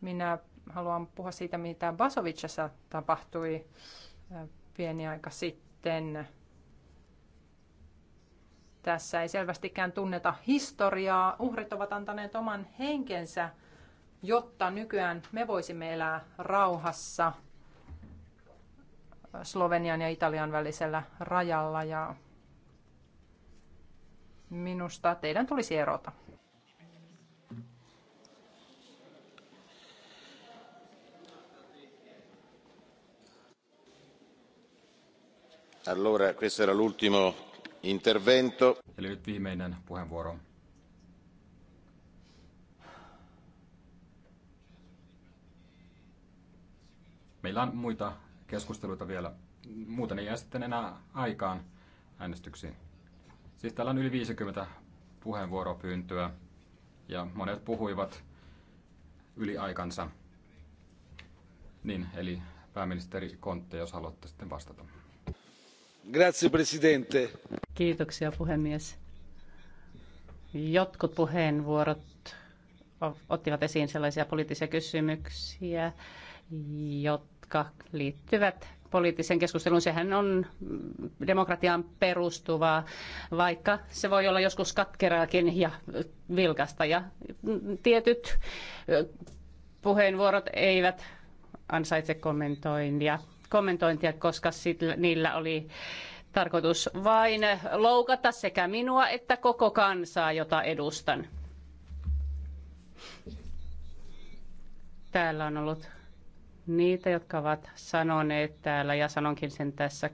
Minä haluan puhua siitä, mitä Basovicessa tapahtui äh, pieni aika sitten. Tässä ei selvästikään tunneta historiaa. Uhrit ovat antaneet oman henkensä, jotta nykyään me voisimme elää rauhassa Slovenian ja Italian välisellä rajalla. Ja Minusta teidän tulisi erota. Allora, questo era l'ultimo intervento. Eli nyt viimeinen puheenvuoro. Meillä on muita keskusteluita vielä. Muuten ei jää sitten enää aikaan äänestyksiin. Siis täällä on yli 50 puheenvuoropyyntöä ja monet puhuivat yli aikansa. Niin, eli pääministeri Kontte, jos haluatte sitten vastata. Grazie, presidente. Kiitoksia, puhemies. Jotkut puheenvuorot ottivat esiin sellaisia poliittisia kysymyksiä, jotka liittyvät poliittisen keskustelun. Sehän on demokratiaan perustuvaa, vaikka se voi olla joskus katkeraakin ja vilkasta. Ja tietyt puheenvuorot eivät ansaitse kommentointia, kommentointia koska sillä, niillä oli tarkoitus vain loukata sekä minua että koko kansaa, jota edustan. Täällä on ollut niitä, jotka ovat sanoneet täällä, ja sanonkin sen tässä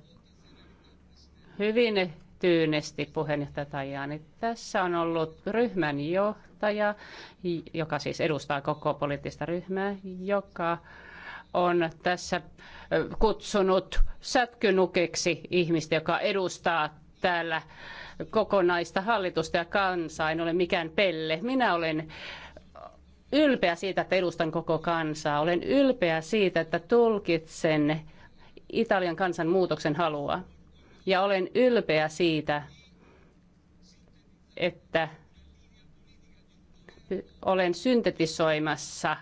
hyvin tyynesti puheenjohtaja niin Tässä on ollut ryhmän johtaja, joka siis edustaa koko poliittista ryhmää, joka on tässä kutsunut sätkynukeksi ihmistä, joka edustaa täällä kokonaista hallitusta ja kansaa. En ole mikään pelle. Minä olen ylpeä siitä, että edustan koko kansaa. Olen ylpeä siitä, että tulkitsen Italian kansan muutoksen halua. Ja olen ylpeä siitä, että olen syntetisoimassa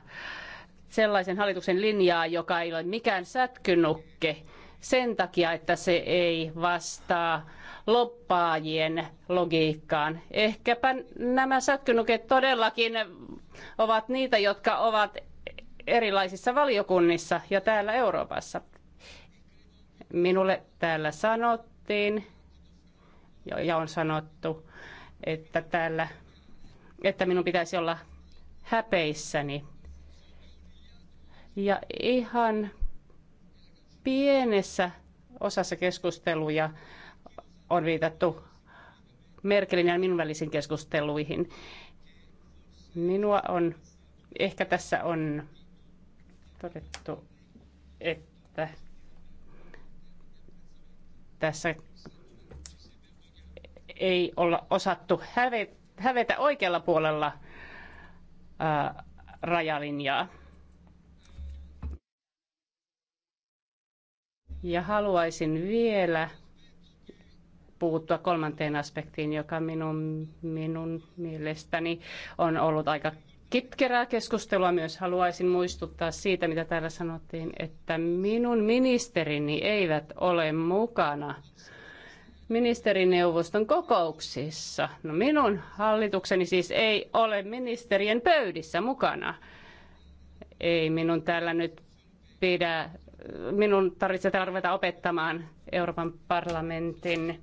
sellaisen hallituksen linjaa, joka ei ole mikään sätkynukke sen takia, että se ei vastaa loppaajien logiikkaan. Ehkäpä nämä sätkynuket todellakin ovat niitä, jotka ovat erilaisissa valiokunnissa ja täällä Euroopassa. Minulle täällä sanottiin, ja on sanottu, että, täällä, että minun pitäisi olla häpeissäni. Ja ihan pienessä osassa keskusteluja on viitattu Merkelin ja minun välisiin keskusteluihin. Minua on, ehkä tässä on todettu, että tässä ei olla osattu hävetä oikealla puolella ää, rajalinjaa. Ja haluaisin vielä puuttua kolmanteen aspektiin, joka minun, minun mielestäni on ollut aika kitkerää keskustelua myös. Haluaisin muistuttaa siitä, mitä täällä sanottiin, että minun ministerini eivät ole mukana ministerineuvoston kokouksissa. No minun hallitukseni siis ei ole ministerien pöydissä mukana. Ei minun täällä nyt pidä, minun tarvitse täällä ruveta opettamaan Euroopan parlamentin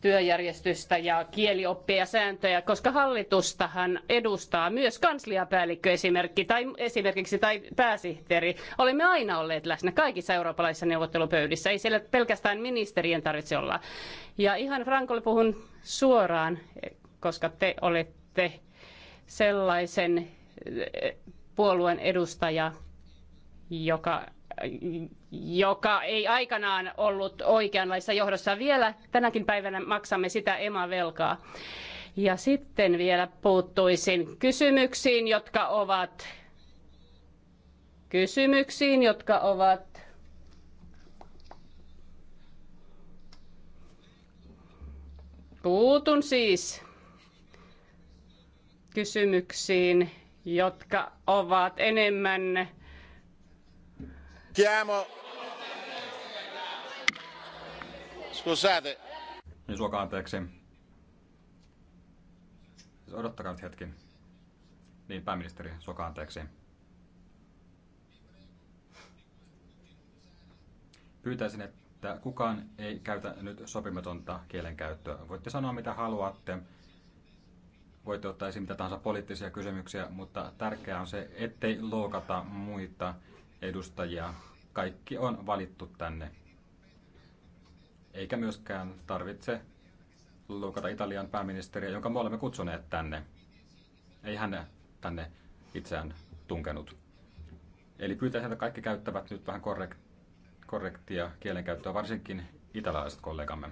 työjärjestystä ja kielioppia ja sääntöjä, koska hallitustahan edustaa myös kansliapäällikkö esimerkki, tai esimerkiksi tai pääsihteeri. Olemme aina olleet läsnä kaikissa eurooppalaisissa neuvottelupöydissä. Ei siellä pelkästään ministerien tarvitse olla. Ja ihan Frankolle puhun suoraan, koska te olette sellaisen puolueen edustaja, joka joka ei aikanaan ollut oikeanlaisessa johdossa. Vielä tänäkin päivänä maksamme sitä emavelkaa. Ja sitten vielä puuttuisin kysymyksiin, jotka ovat kysymyksiin, jotka ovat Puutun siis kysymyksiin, jotka ovat enemmän Chiamo. Scusate. Niin suokaa anteeksi. Siis odottakaa nyt hetki. Niin, pääministeri, suokaa anteeksi. Pyytäisin, että kukaan ei käytä nyt sopimatonta kielenkäyttöä. Voitte sanoa mitä haluatte, voitte ottaa esiin mitä tahansa poliittisia kysymyksiä, mutta tärkeää on se, ettei loukata muita edustajia. Kaikki on valittu tänne. Eikä myöskään tarvitse loukata Italian pääministeriä, jonka me olemme kutsuneet tänne. Ei hän tänne itseään tunkenut. Eli pyytäisin, että kaikki käyttävät nyt vähän korrektia kielenkäyttöä, varsinkin italaiset kollegamme.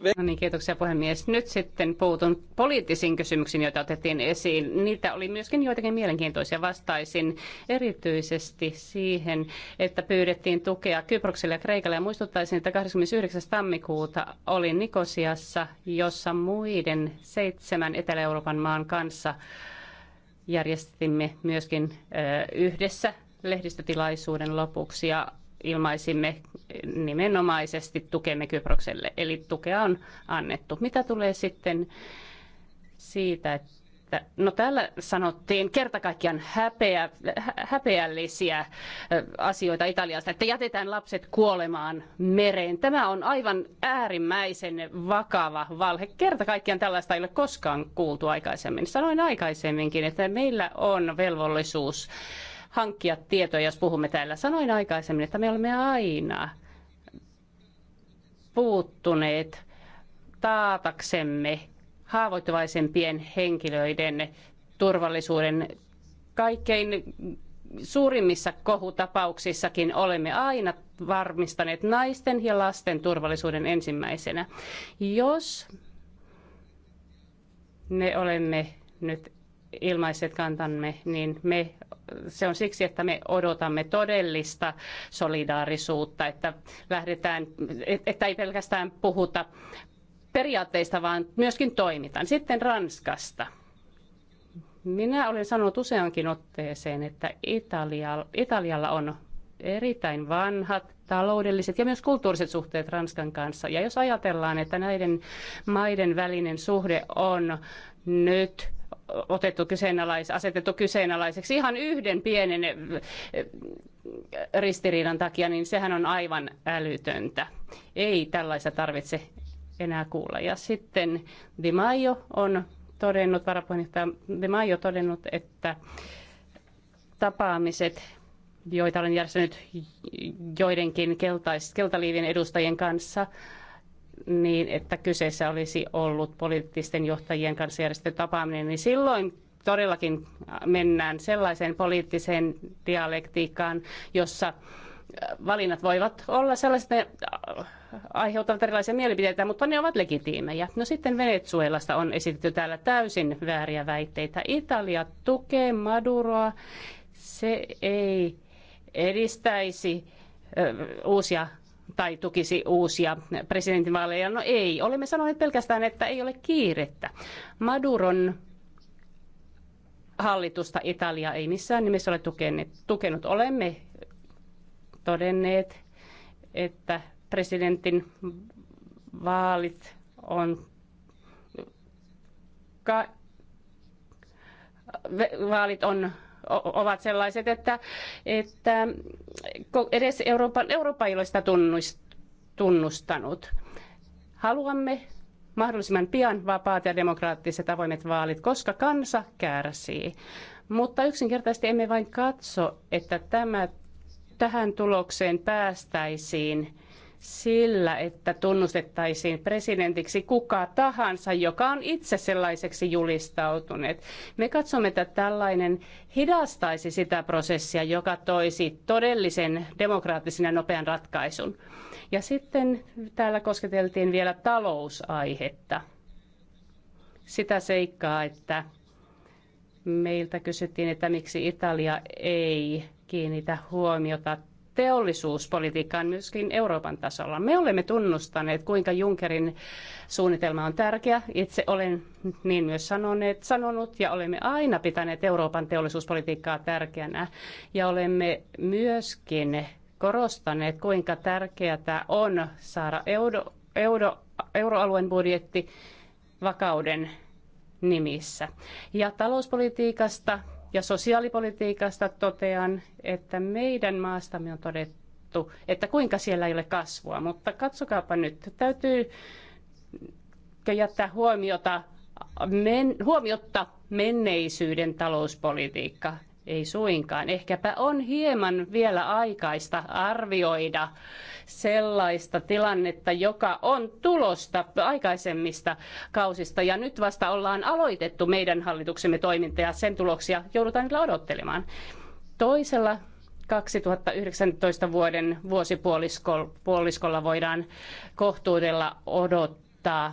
No niin, kiitoksia puhemies. Nyt sitten puutun poliittisiin kysymyksiin, joita otettiin esiin. Niitä oli myöskin joitakin mielenkiintoisia. Vastaisin erityisesti siihen, että pyydettiin tukea Kyprokselle ja Kreikalle. Ja muistuttaisin, että 29. tammikuuta oli Nikosiassa, jossa muiden seitsemän Etelä-Euroopan maan kanssa järjestimme myöskin yhdessä lehdistötilaisuuden lopuksi. Ja ilmaisimme nimenomaisesti tukemme Kyprokselle. Eli tukea on annettu. Mitä tulee sitten siitä, että no täällä sanottiin kerta kaikkiaan häpeä, häpeällisiä asioita Italiasta, että jätetään lapset kuolemaan mereen. Tämä on aivan äärimmäisen vakava valhe. Kerta kaikkiaan tällaista ei ole koskaan kuultu aikaisemmin. Sanoin aikaisemminkin, että meillä on velvollisuus hankkia tietoja, jos puhumme täällä. Sanoin aikaisemmin, että me olemme aina puuttuneet taataksemme haavoittuvaisempien henkilöiden turvallisuuden kaikkein suurimmissa kohutapauksissakin olemme aina varmistaneet naisten ja lasten turvallisuuden ensimmäisenä. Jos me olemme nyt ilmaiset kantamme, niin me, se on siksi, että me odotamme todellista solidaarisuutta, että, lähdetään, että ei pelkästään puhuta periaatteista, vaan myöskin toimitaan. Sitten Ranskasta. Minä olen sanonut useankin otteeseen, että Italia, Italialla on erittäin vanhat taloudelliset ja myös kulttuuriset suhteet Ranskan kanssa. Ja jos ajatellaan, että näiden maiden välinen suhde on nyt otettu kyseenalais, asetettu kyseenalaiseksi ihan yhden pienen eh, eh, ristiriidan takia, niin sehän on aivan älytöntä. Ei tällaista tarvitse enää kuulla. Ja sitten Di Maio on todennut, varapuheenjohtaja Di Maio todennut, että tapaamiset, joita olen järjestänyt joidenkin keltais, keltaliivien edustajien kanssa, niin, että kyseessä olisi ollut poliittisten johtajien kanssa järjestetty tapaaminen, niin silloin todellakin mennään sellaiseen poliittiseen dialektiikkaan, jossa äh, valinnat voivat olla sellaiset, ne äh, aiheuttavat erilaisia mielipiteitä, mutta ne ovat legitiimejä. No sitten Venezuelasta on esitetty täällä täysin vääriä väitteitä. Italia tukee Maduroa. Se ei edistäisi uusia tai tukisi uusia presidentinvaaleja. No ei, olemme sanoneet pelkästään, että ei ole kiirettä. Maduron hallitusta Italia ei missään nimessä ole tukenut. tukenut. Olemme todenneet, että presidentin vaalit on vaalit on ovat sellaiset, että, että edes Euroopan, Eurooppa ei ole sitä tunnustanut. Haluamme mahdollisimman pian vapaat ja demokraattiset avoimet vaalit, koska kansa kärsii. Mutta yksinkertaisesti emme vain katso, että tämä, tähän tulokseen päästäisiin sillä, että tunnustettaisiin presidentiksi kuka tahansa, joka on itse sellaiseksi julistautunut. Me katsomme, että tällainen hidastaisi sitä prosessia, joka toisi todellisen demokraattisen ja nopean ratkaisun. Ja sitten täällä kosketeltiin vielä talousaihetta. Sitä seikkaa, että meiltä kysyttiin, että miksi Italia ei kiinnitä huomiota teollisuuspolitiikkaan myöskin Euroopan tasolla. Me olemme tunnustaneet, kuinka Junckerin suunnitelma on tärkeä. Itse olen niin myös sanoneet, sanonut ja olemme aina pitäneet Euroopan teollisuuspolitiikkaa tärkeänä. Ja olemme myöskin korostaneet, kuinka tärkeää on saada euro, euro, euroalueen budjetti vakauden nimissä. Ja talouspolitiikasta ja sosiaalipolitiikasta totean, että meidän maastamme on todettu, että kuinka siellä ei ole kasvua. Mutta katsokaapa nyt, täytyy jättää huomiota men, huomiotta menneisyyden talouspolitiikka. Ei suinkaan. Ehkäpä on hieman vielä aikaista arvioida sellaista tilannetta, joka on tulosta aikaisemmista kausista. Ja nyt vasta ollaan aloitettu meidän hallituksemme toiminta ja sen tuloksia joudutaan kyllä odottelemaan. Toisella 2019 vuoden vuosipuoliskolla voidaan kohtuudella odottaa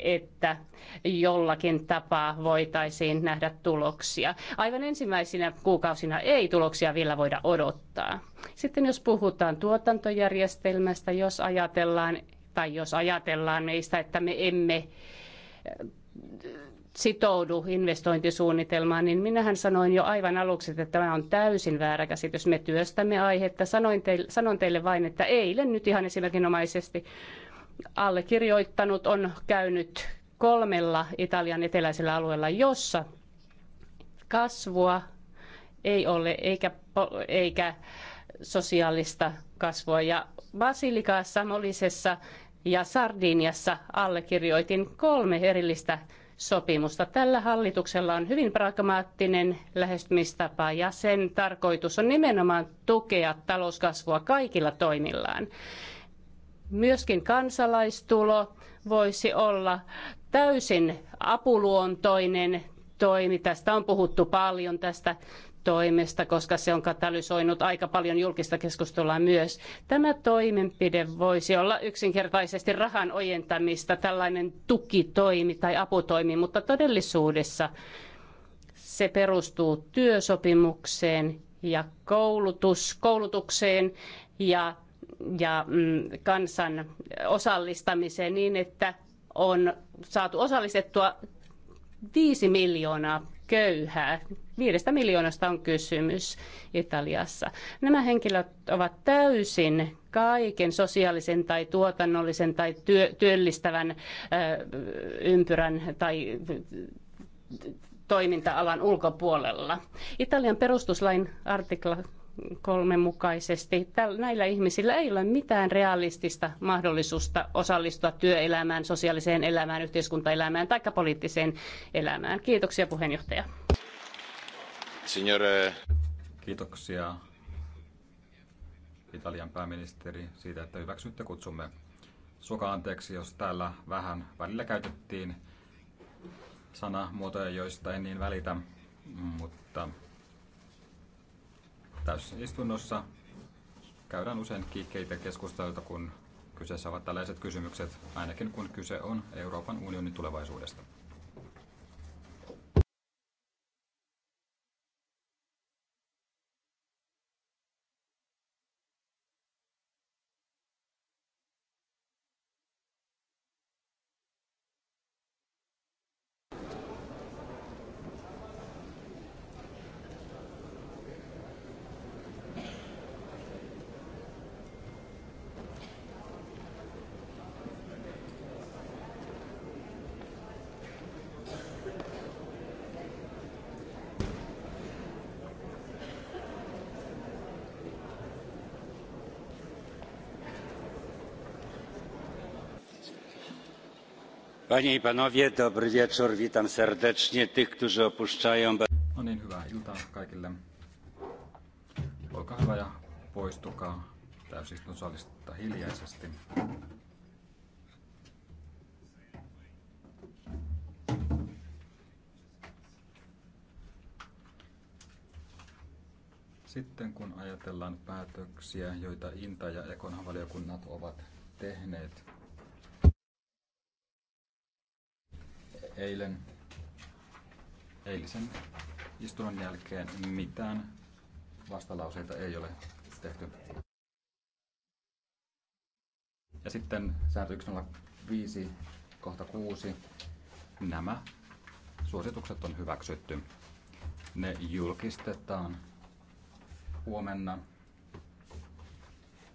että jollakin tapaa voitaisiin nähdä tuloksia. Aivan ensimmäisinä kuukausina ei tuloksia vielä voida odottaa. Sitten jos puhutaan tuotantojärjestelmästä, jos ajatellaan tai jos ajatellaan meistä, että me emme äh, sitoudu investointisuunnitelmaan, niin minähän sanoin jo aivan aluksi, että tämä on täysin väärä käsitys. Me työstämme aihetta. Sanoin teille, sanon teille vain, että eilen nyt ihan esimerkinomaisesti allekirjoittanut on käynyt kolmella Italian eteläisellä alueella, jossa kasvua ei ole eikä, eikä sosiaalista kasvua. Ja Basilikaassa, Molisessa ja Sardiniassa allekirjoitin kolme erillistä sopimusta. Tällä hallituksella on hyvin pragmaattinen lähestymistapa ja sen tarkoitus on nimenomaan tukea talouskasvua kaikilla toimillaan myöskin kansalaistulo voisi olla täysin apuluontoinen toimi. Tästä on puhuttu paljon tästä toimesta, koska se on katalysoinut aika paljon julkista keskustelua myös. Tämä toimenpide voisi olla yksinkertaisesti rahan ojentamista, tällainen tukitoimi tai aputoimi, mutta todellisuudessa se perustuu työsopimukseen ja koulutus, koulutukseen ja ja mm, kansan osallistamiseen niin, että on saatu osallistettua viisi miljoonaa köyhää. Viidestä miljoonasta on kysymys Italiassa. Nämä henkilöt ovat täysin kaiken sosiaalisen tai tuotannollisen tai työ, työllistävän ö, ympyrän tai toiminta-alan ulkopuolella. Italian perustuslain artikla Kolme mukaisesti. Näillä ihmisillä ei ole mitään realistista mahdollisuutta osallistua työelämään, sosiaaliseen elämään, yhteiskuntaelämään tai poliittiseen elämään. Kiitoksia puheenjohtaja. Signore. Kiitoksia Italian pääministeri siitä, että hyväksytte kutsumme. Suoka anteeksi, jos täällä vähän välillä käytettiin sanamuotoja, joista en niin välitä, mutta Täysistunnossa käydään usein kiikkeitä keskusteluita, kun kyseessä ovat tällaiset kysymykset, ainakin kun kyse on Euroopan unionin tulevaisuudesta. Panie i panowie, dobry wieczór. Witam serdecznie tych, którzy opuszczają. No niin, hyvää iltaa kaikille. Olkaa hyvä ja poistukaa täysistun hiljaisesti. Sitten kun ajatellaan päätöksiä, joita Inta ja Ekon valiokunnat ovat tehneet eilen eilisen istunnon jälkeen mitään vastalauseita ei ole tehty. Ja sitten sääntö 105 kohta 6. Nämä suositukset on hyväksytty. Ne julkistetaan huomenna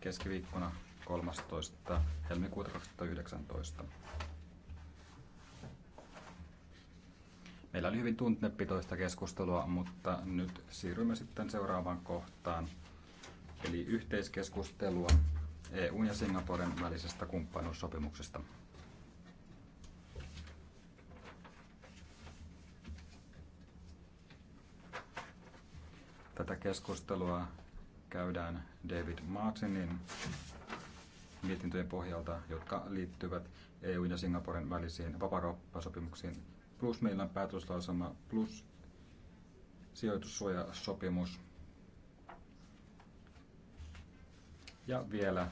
keskiviikkona 13. helmikuuta 2019. Meillä oli hyvin tunnepitoista keskustelua, mutta nyt siirrymme sitten seuraavaan kohtaan, eli yhteiskeskustelua EUn ja Singaporen välisestä kumppanuussopimuksesta. Tätä keskustelua käydään David Martinin mietintöjen pohjalta, jotka liittyvät EU ja Singaporen välisiin vapakauppasopimuksiin plus meillä on päätöslausama plus sijoitussuojasopimus. Ja vielä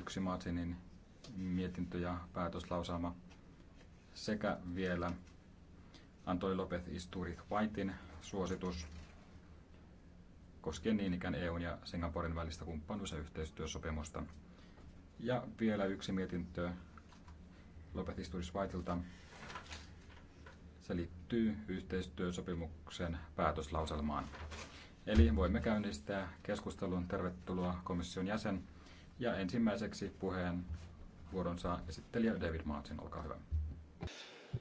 yksi Martinin mietintö ja päätöslausama sekä vielä antoi Lopez Isturi Whitein suositus koskien niin ikään EUn ja Singaporen välistä kumppanuus- ja yhteistyösopimusta. Ja vielä yksi mietintö Lopetistus Vaitilta. Se liittyy yhteistyösopimuksen päätöslauselmaan. Eli voimme käynnistää keskustelun. Tervetuloa komission jäsen. Ja ensimmäiseksi puheen vuoron saa esittelijä David Martin. Olkaa hyvä.